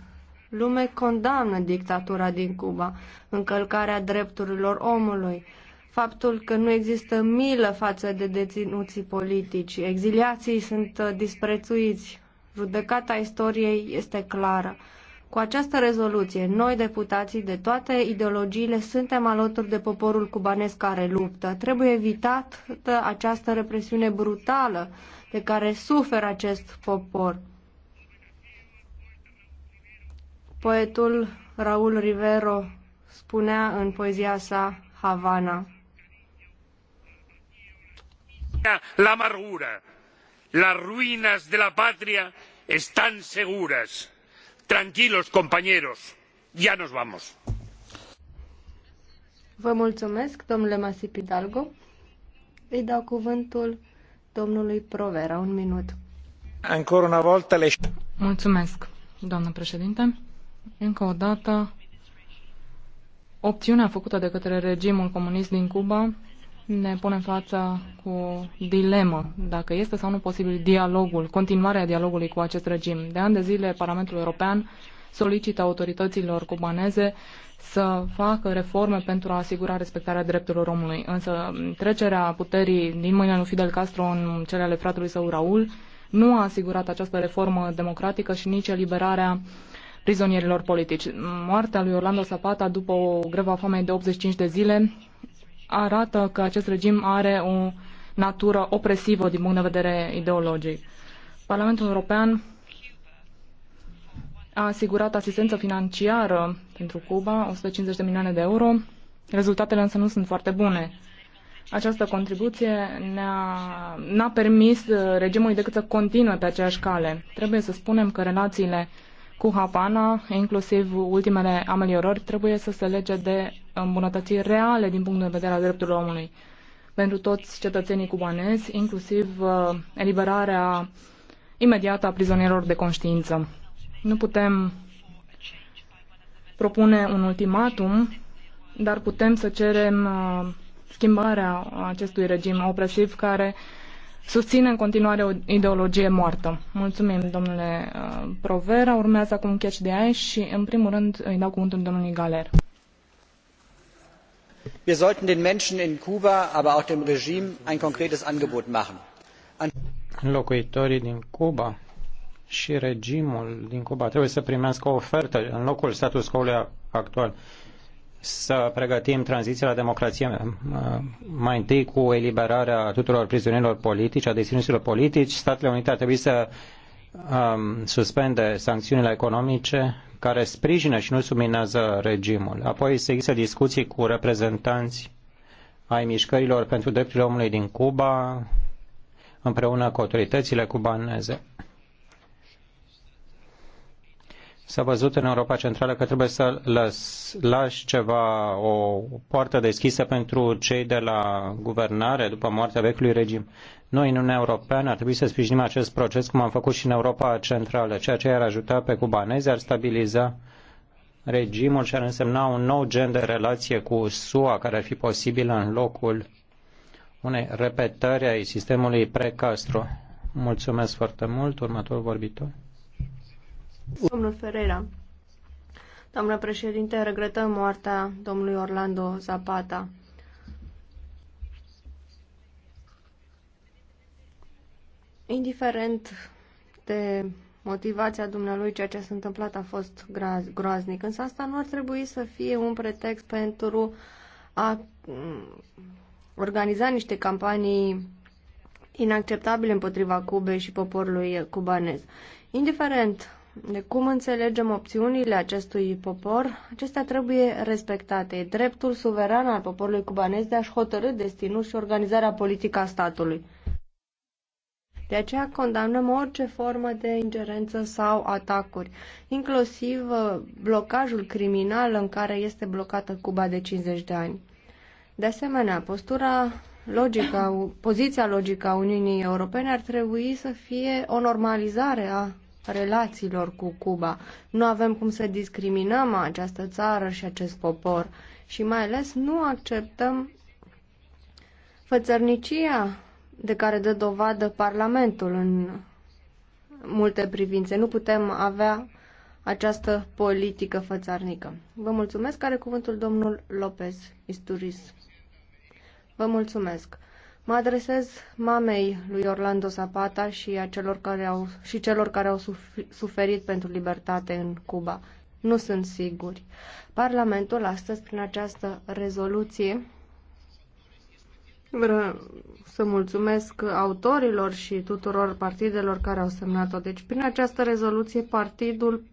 lume condamnă dictatura din Cuba, încălcarea drepturilor omului, faptul că nu există milă față de deținuții politici, exiliații sunt uh, disprețuiți, judecata istoriei este clară. Cu această rezoluție, noi, deputații de toate ideologiile, suntem alături de poporul cubanesc care luptă. Trebuie evitată uh, această represiune brutală de care suferă acest popor. Poetul Raul Rivero spunea în poezia sa Havana. La amargura, las ruinas de la patria están seguras. Tranquilos, compañeros, ya nos vamos. Vă mulțumesc, domnule Masip Hidalgo. Îi dau cuvântul domnului Provera, un minut. Încă una volta le... Mulțumesc, doamnă președinte. Încă o dată, opțiunea făcută de către regimul comunist din Cuba ne pune în fața cu o dilemă, dacă este sau nu posibil dialogul, continuarea dialogului cu acest regim. De ani de zile, Parlamentul European solicită autorităților cubaneze să facă reforme pentru a asigura respectarea drepturilor omului. Însă trecerea puterii din mâinile lui Fidel Castro în cele ale fratelui său Raul nu a asigurat această reformă democratică și nici eliberarea uh, prizonierilor politici. Moartea lui Orlando Zapata după o grevă a foamei de 85 de zile arată că acest regim are o natură opresivă din punct de vedere ideologic. Parlamentul European a asigurat asistență financiară pentru Cuba, 150 de milioane de euro. Rezultatele însă nu sunt foarte bune. Această contribuție ne-a, n-a permis regimului decât să continue pe aceeași cale. Trebuie să spunem că relațiile cu Havana, inclusiv ultimele ameliorări, trebuie să se lege de îmbunătățiri reale din punct de vedere al drepturilor omului pentru toți cetățenii cubanezi, inclusiv uh, eliberarea imediată a prizonierilor de conștiință. Nu putem propune un ultimatum, dar putem să cerem uh, schimbarea acestui regim opresiv care uh, susține în continuare o ideologie moartă. Mulțumim, domnule uh, Provera. Urmează acum catch de ai și, în primul rând, îi dau cuvântul domnului Galer. Wir sollten den Menschen in Kuba, aber auch dem Regime ein konkretes Angebot machen. Locuitorii din Cuba și regimul din Cuba trebuie să primească o ofertă în locul status quo actual să pregătim tranziția la democrație uh, mai întâi cu eliberarea tuturor prizonierilor politici, a deținuților politici. Statele Unite ar trebui să um, suspende sancțiunile economice care sprijină și nu subminează regimul. Apoi se există discuții cu reprezentanți ai mișcărilor pentru drepturile omului din Cuba împreună cu autoritățile cubaneze. S-a văzut în Europa Centrală că trebuie să lăs, lași ceva, o poartă deschisă pentru cei de la guvernare după moartea vechiului regim. Noi, în Uniunea Europeană, ar trebui să sprijinim acest proces, cum am făcut și în Europa Centrală, ceea ce ar ajuta pe cubanezi, ar stabiliza regimul și ar însemna un nou gen de relație cu SUA, care ar fi posibil în locul unei repetări ai sistemului pre-Castro. Mulțumesc foarte mult. Următorul vorbitor. Domnul Ferreira, doamnă președinte, regretăm moartea domnului Orlando Zapata. Indiferent de motivația dumnealui, ceea ce s-a întâmplat a fost groaznic, însă asta nu ar trebui să fie un pretext pentru a mm, organiza niște campanii inacceptabile împotriva Cubei și poporului cubanez. Indiferent de cum înțelegem opțiunile acestui popor, acestea trebuie respectate. E dreptul suveran al poporului cubanez de a-și hotărâ destinul și organizarea politică a statului. De aceea condamnăm orice formă de ingerență sau atacuri, inclusiv uh, blocajul criminal în care este blocată Cuba de 50 de ani. De asemenea, postura logică, poziția logică a Uniunii Europene ar trebui să fie o normalizare a relațiilor cu Cuba. Nu avem cum să discriminăm această țară și acest popor și mai ales nu acceptăm fățărnicia de care dă dovadă Parlamentul în multe privințe. Nu putem avea această politică fățarnică. Vă mulțumesc. Are cuvântul domnul Lopez Isturiz. Vă mulțumesc. Mă adresez mamei lui Orlando Zapata și, a celor care au, și celor care au suferit pentru libertate în Cuba. Nu sunt siguri. Parlamentul astăzi, prin această rezoluție, vreau să mulțumesc autorilor și tuturor partidelor care au semnat-o. Deci, prin această rezoluție, partidul,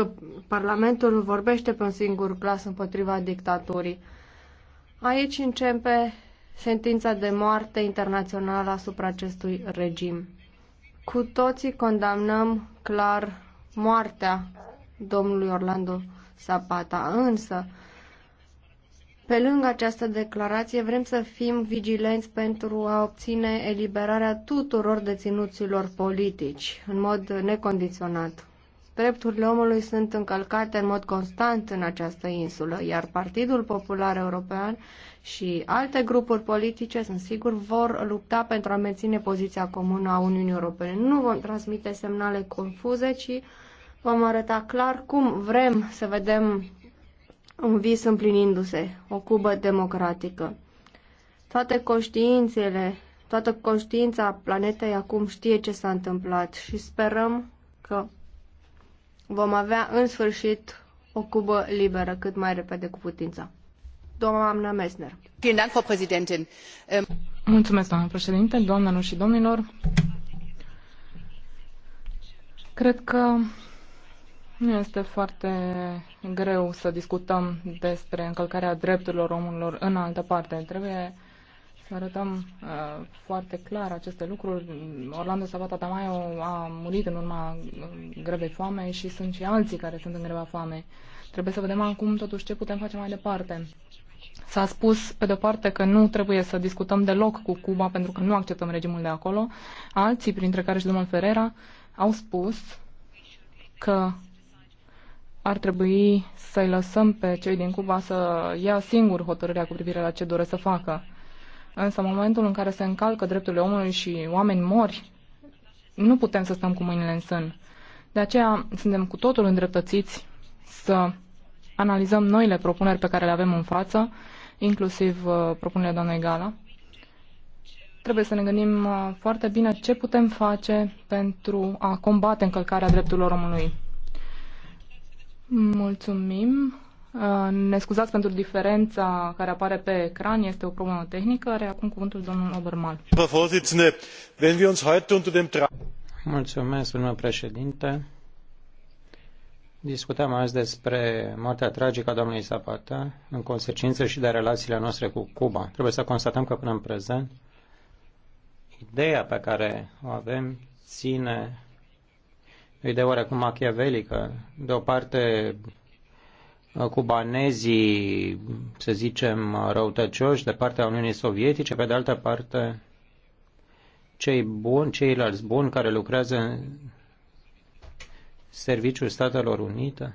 ă, Parlamentul vorbește pe un singur glas împotriva dictaturii. Aici începe sentința de moarte internațională asupra acestui regim. Cu toții condamnăm clar moartea domnului Orlando Zapata, însă pe lângă această declarație vrem să fim vigilenți pentru a obține eliberarea tuturor deținuților politici în mod necondiționat. Drepturile omului sunt încălcate în mod constant în această insulă, iar Partidul Popular European și alte grupuri politice, sunt sigur, vor lupta pentru a menține poziția comună a Uniunii Europene. Nu vom transmite semnale confuze, ci vom arăta clar cum vrem să vedem un vis împlinindu-se, o cubă democratică. Toate conștiințele, toată conștiința planetei acum știe ce s-a întâmplat și sperăm că vom avea în sfârșit o Cubă liberă cât mai repede cu putință. Doamna Messner. Mulțumesc, doamnă președinte, doamnelor și domnilor. Cred că nu este foarte greu să discutăm despre încălcarea drepturilor omului în altă parte. Trebuie arătăm uh, foarte clar aceste lucruri. Orlando Sabata Tamayo a murit în urma uh, grevei foame și sunt și alții care sunt în greva foame. Trebuie să vedem acum totuși ce putem face mai departe. S-a spus, pe de o parte, că nu trebuie să discutăm deloc cu Cuba pentru că nu acceptăm regimul de acolo. Alții, printre care și domnul Ferrera, au spus că ar trebui să-i lăsăm pe cei din Cuba să ia singur hotărârea cu privire la ce doresc să facă. Însă în momentul în care se încalcă drepturile omului și oameni mori, nu putem să stăm cu mâinile în sân. De aceea suntem cu totul îndreptățiți să analizăm noile propuneri pe care le avem în față, inclusiv uh, propunerea doamnei Gala. Trebuie să ne gândim uh, foarte bine ce putem face pentru a combate încălcarea drepturilor omului. Mulțumim. Uh, ne scuzați pentru diferența care apare pe ecran, este o problemă tehnică. Are acum cuvântul domnul Obermal. Mulțumesc, domnule președinte. Discutăm azi despre moartea tragică a domnului Zapata, în consecință și de relațiile noastre cu Cuba. Trebuie să constatăm că până în prezent ideea pe care o avem ține o idee oarecum machiavelică. De o parte cubanezii, să zicem, răutăcioși de partea Uniunii Sovietice, pe de altă parte cei buni, ceilalți buni care lucrează în serviciul Statelor Unite.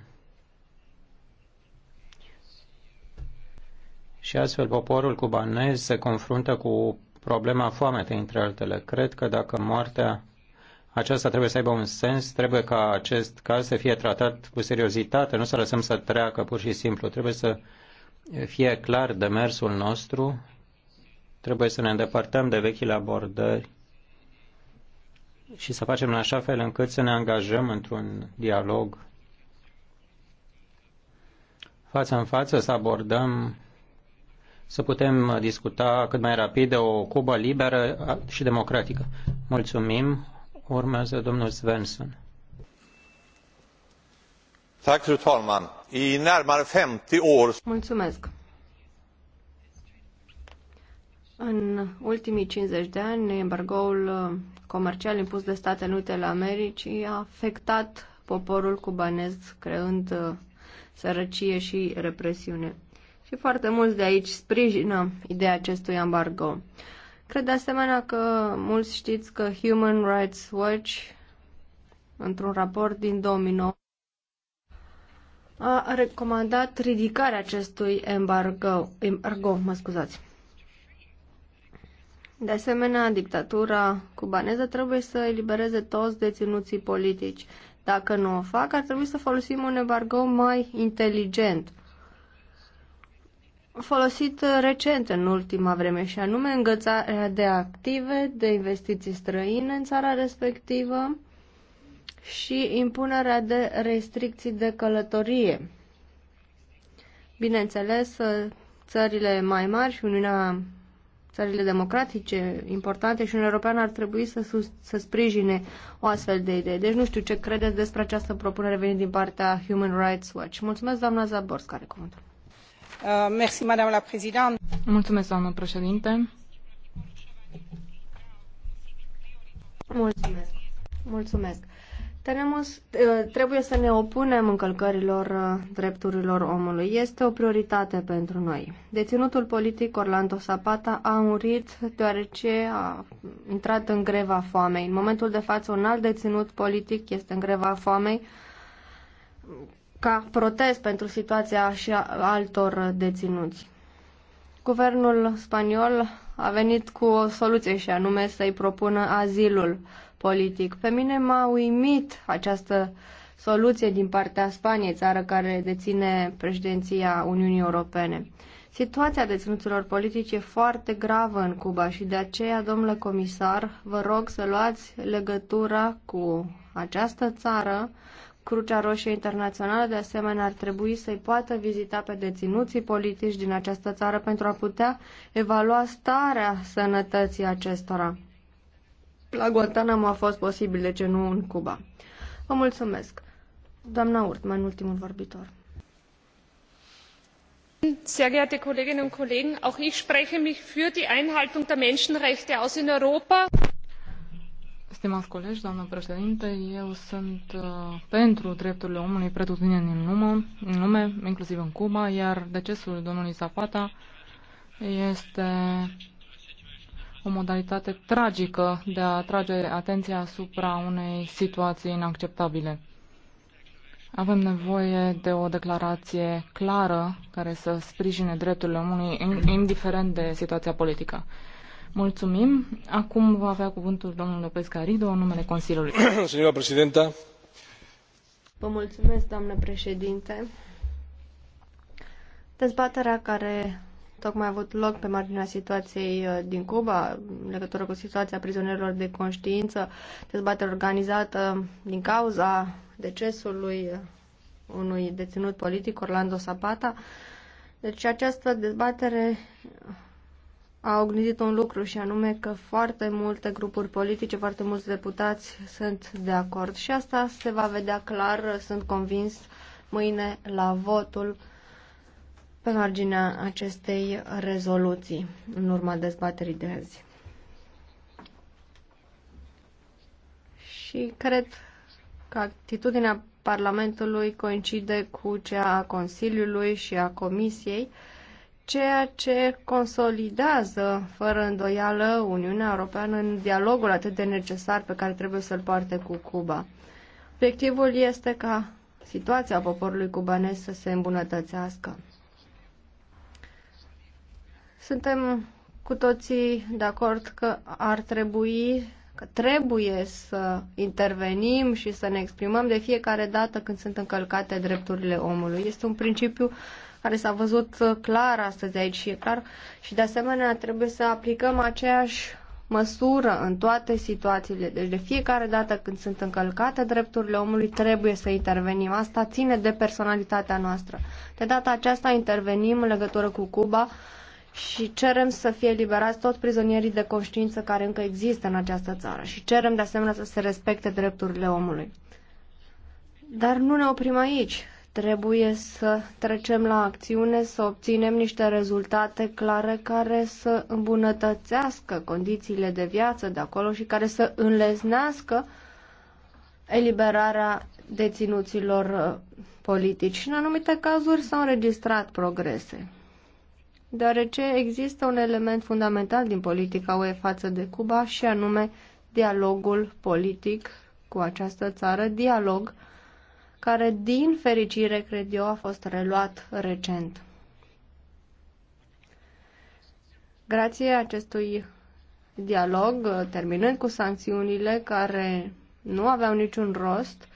Și astfel poporul cubanez se confruntă cu problema foametei, între altele. Cred că dacă moartea aceasta trebuie să aibă un sens, trebuie ca acest caz să fie tratat cu seriozitate, nu să lăsăm să treacă pur și simplu. Trebuie să fie clar demersul nostru, trebuie să ne îndepărtăm de vechile abordări și să facem în așa fel încât să ne angajăm într-un dialog față în față, să abordăm să putem discuta cât mai rapid de o Cuba liberă și democratică. Mulțumim. Urmează domnul Svensson. Tack, fru talman. I närmare 50 år... Mulțumesc. În ultimii 50 de ani, embargoul comercial impus de Statele Unite ale Americii a afectat poporul cubanez, creând uh, sărăcie și represiune. Și foarte mulți de aici sprijină ideea acestui embargo. Cred de asemenea că mulți știți că Human Rights Watch, într-un raport din 2009, a recomandat ridicarea acestui embargo, embargo mă scuzați. De asemenea, dictatura cubaneză trebuie să elibereze toți deținuții politici. Dacă nu o fac, ar trebui să folosim un embargo mai inteligent folosit uh, recent în ultima vreme și anume îngățarea de active, de investiții străine în țara respectivă și impunerea de restricții de călătorie. Bineînțeles, uh, țările mai mari și Uniunea țările democratice importante și Uniunea Europeană ar trebui să, sus, să sprijine o astfel de idee. Deci nu știu ce credeți despre această propunere venind din partea Human Rights Watch. Mulțumesc, doamna Zaborsk, care cuvântul. Euh, Mulțumesc, Mulțumesc. Eh, trebuie să ne opunem încălcărilor eh, drepturilor omului. Este o prioritate pentru noi. Deținutul politic Orlando Zapata a murit deoarece a intrat în greva foamei. În momentul de față, un alt deținut politic este în greva foamei ca protest pentru situația și altor deținuți. Guvernul spaniol a venit cu o soluție și anume să-i propună azilul politic. Pe mine m-a uimit această soluție din partea Spaniei, țară care deține președinția Uniunii Europene. Situația deținuților politici e foarte gravă în Cuba și de aceea, domnule comisar, vă rog să luați legătura cu această țară Crucea Roșie Internațională, de asemenea, ar trebui să-i poată vizita pe deținuții politici din această țară pentru a putea evalua starea sănătății acestora. La Guantanamo a fost posibil, de ce nu în Cuba. Vă mulțumesc. Doamna Urtman, ultimul vorbitor. Sehr geehrte Kolleginnen und Kollegen, auch ich spreche mich für die Einhaltung der Menschenrechte aus in Europa. Stimați colegi, doamnă președinte, eu sunt uh, pentru drepturile omului pretutindeni în lume, în lume, inclusiv în Cuba, iar decesul domnului Zapata este o modalitate tragică de a atrage atenția asupra unei situații inacceptabile. Avem nevoie de o declarație clară care să sprijine drepturile omului, indiferent de situația politică. Mulțumim. Acum va avea cuvântul domnul Lopez Carido în numele Consiliului. Señora Presidenta. Vă mulțumesc, doamnă președinte. Dezbaterea care tocmai a avut loc pe marginea situației uh, din Cuba, în legătură cu situația prizonierilor de conștiință, dezbatere organizată din cauza decesului uh, unui deținut politic, Orlando Zapata. Deci această dezbatere a oglindit un lucru și anume că foarte multe grupuri politice, foarte mulți deputați sunt de acord și asta se va vedea clar, sunt convins, mâine la votul pe marginea acestei rezoluții în urma dezbaterii de azi. Și cred că atitudinea Parlamentului coincide cu cea a Consiliului și a Comisiei, ceea ce consolidează, fără îndoială, Uniunea Europeană în dialogul atât de necesar pe care trebuie să-l poarte cu Cuba. Obiectivul este ca situația poporului cubanez să se îmbunătățească. Suntem cu toții de acord că ar trebui, că trebuie să intervenim și să ne exprimăm de fiecare dată când sunt încălcate drepturile omului. Este un principiu uh, care s-a văzut uh, clar astăzi aici și e clar. Și de asemenea trebuie să aplicăm aceeași măsură în toate situațiile. Deci de fiecare dată când sunt încălcate drepturile omului trebuie să intervenim. Asta ține de personalitatea noastră. De data aceasta intervenim în legătură cu Cuba și cerem să fie eliberați toți prizonierii de conștiință care încă există în această țară și cerem de asemenea să se respecte drepturile omului. Dar nu ne oprim aici. Trebuie să trecem la acțiune, să obținem niște rezultate clare care să îmbunătățească condițiile de viață de acolo și care să înleznească eliberarea deținuților uh, politici. în anumite cazuri s-au înregistrat progrese deoarece există un element fundamental din politica UE față de Cuba și anume dialogul politic cu această țară, dialog care, din fericire, cred eu, a fost reluat recent. Grație acestui dialog, terminând cu sancțiunile care nu aveau niciun rost,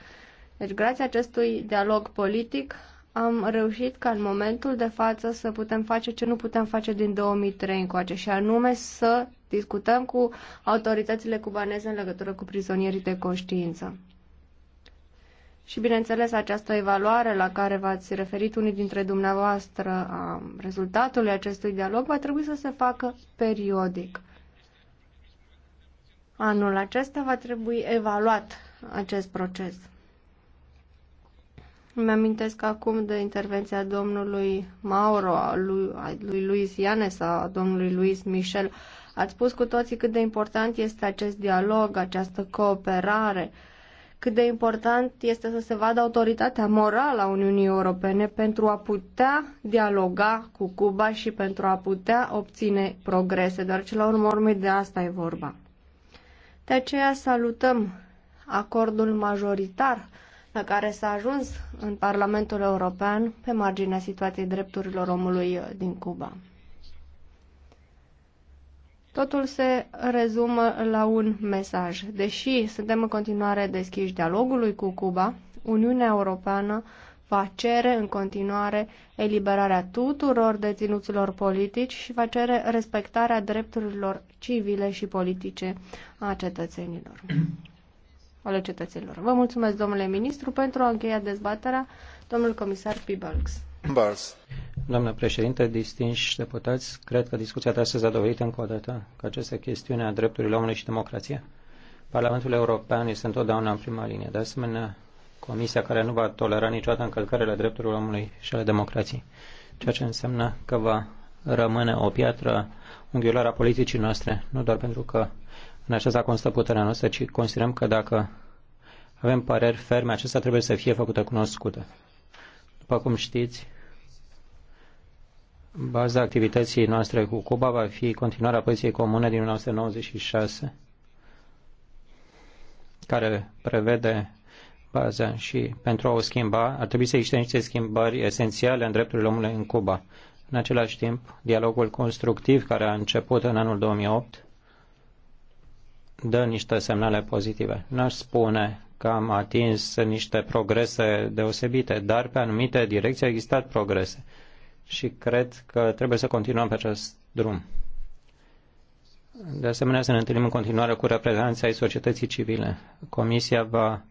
deci grație acestui dialog politic am reușit ca în momentul de față să putem face ce nu putem face din 2003 încoace și anume să discutăm cu autoritățile cubaneze în legătură cu prizonierii de conștiință. Și, bineînțeles, această evaluare la care v-ați referit unii dintre dumneavoastră a rezultatului acestui dialog va trebui să se facă periodic. Anul acesta va trebui evaluat acest proces. Îmi amintesc acum de intervenția domnului Mauro, a lui, a lui Luis Ianes, a domnului Luis Michel. Ați spus cu toții cât de important este acest dialog, această cooperare, uh, cât de important este să se vadă autoritatea morală a Uniunii Europene pentru a putea dialoga cu Cuba și pentru a putea obține progrese, Dar ce la urmă urmei de asta e vorba. De aceea salutăm acordul majoritar la care s-a ajuns în Parlamentul European pe marginea situației drepturilor omului din Cuba. Totul se rezumă la un mesaj. Deși suntem în continuare deschiși dialogului cu Cuba, Uniunea Europeană va cere în continuare eliberarea tuturor deținuților politici și va cere respectarea drepturilor civile și politice a cetățenilor. Ale cetățenilor. Vă mulțumesc, domnule ministru, pentru a încheia dezbaterea. Domnul comisar Pibalks. Doamnă președinte, distinși deputați, cred că discuția de astăzi a dovedit încă o dată că această chestiune a drepturilor omului și democrație, Parlamentul European este întotdeauna în prima linie. De asemenea, Comisia care nu va tolera niciodată încălcările drepturilor omului și ale democrației, ceea ce înseamnă că va rămâne o piatră unghiulară a politicii noastre, nu doar pentru că în aceasta constă puterea noastră, ci considerăm că dacă avem păreri ferme, acesta trebuie să fie făcută cunoscută. După cum știți, Baza activității noastre cu Cuba va fi continuarea poziției comune din 1996, care prevede baza și pentru a o schimba ar trebui să existe niște schimbări esențiale în drepturile omului în Cuba. În același timp, dialogul constructiv care a început în anul 2008 dă niște semnale pozitive. N-aș spune că am atins niște progrese deosebite, dar pe anumite direcții au existat progrese și cred că trebuie să continuăm pe acest drum. De asemenea, să ne întâlnim în continuare cu reprezentanții ai societății civile. Comisia va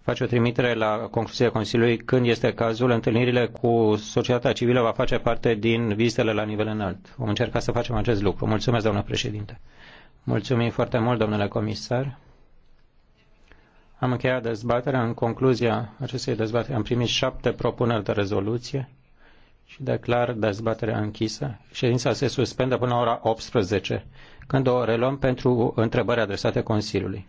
face o trimitere la concluzia Consiliului când este cazul. Întâlnirile cu societatea civilă va face parte din vizitele la nivel înalt. Vom încerca să facem acest lucru. Mulțumesc, doamnă președinte. Mulțumim foarte mult, domnule comisar. Am încheiat dezbaterea. În concluzia acestei dezbateri am primit șapte propuneri de rezoluție și declar dezbaterea închisă. Ședința se suspendă până la ora 18, când o reluăm pentru întrebări adresate Consiliului.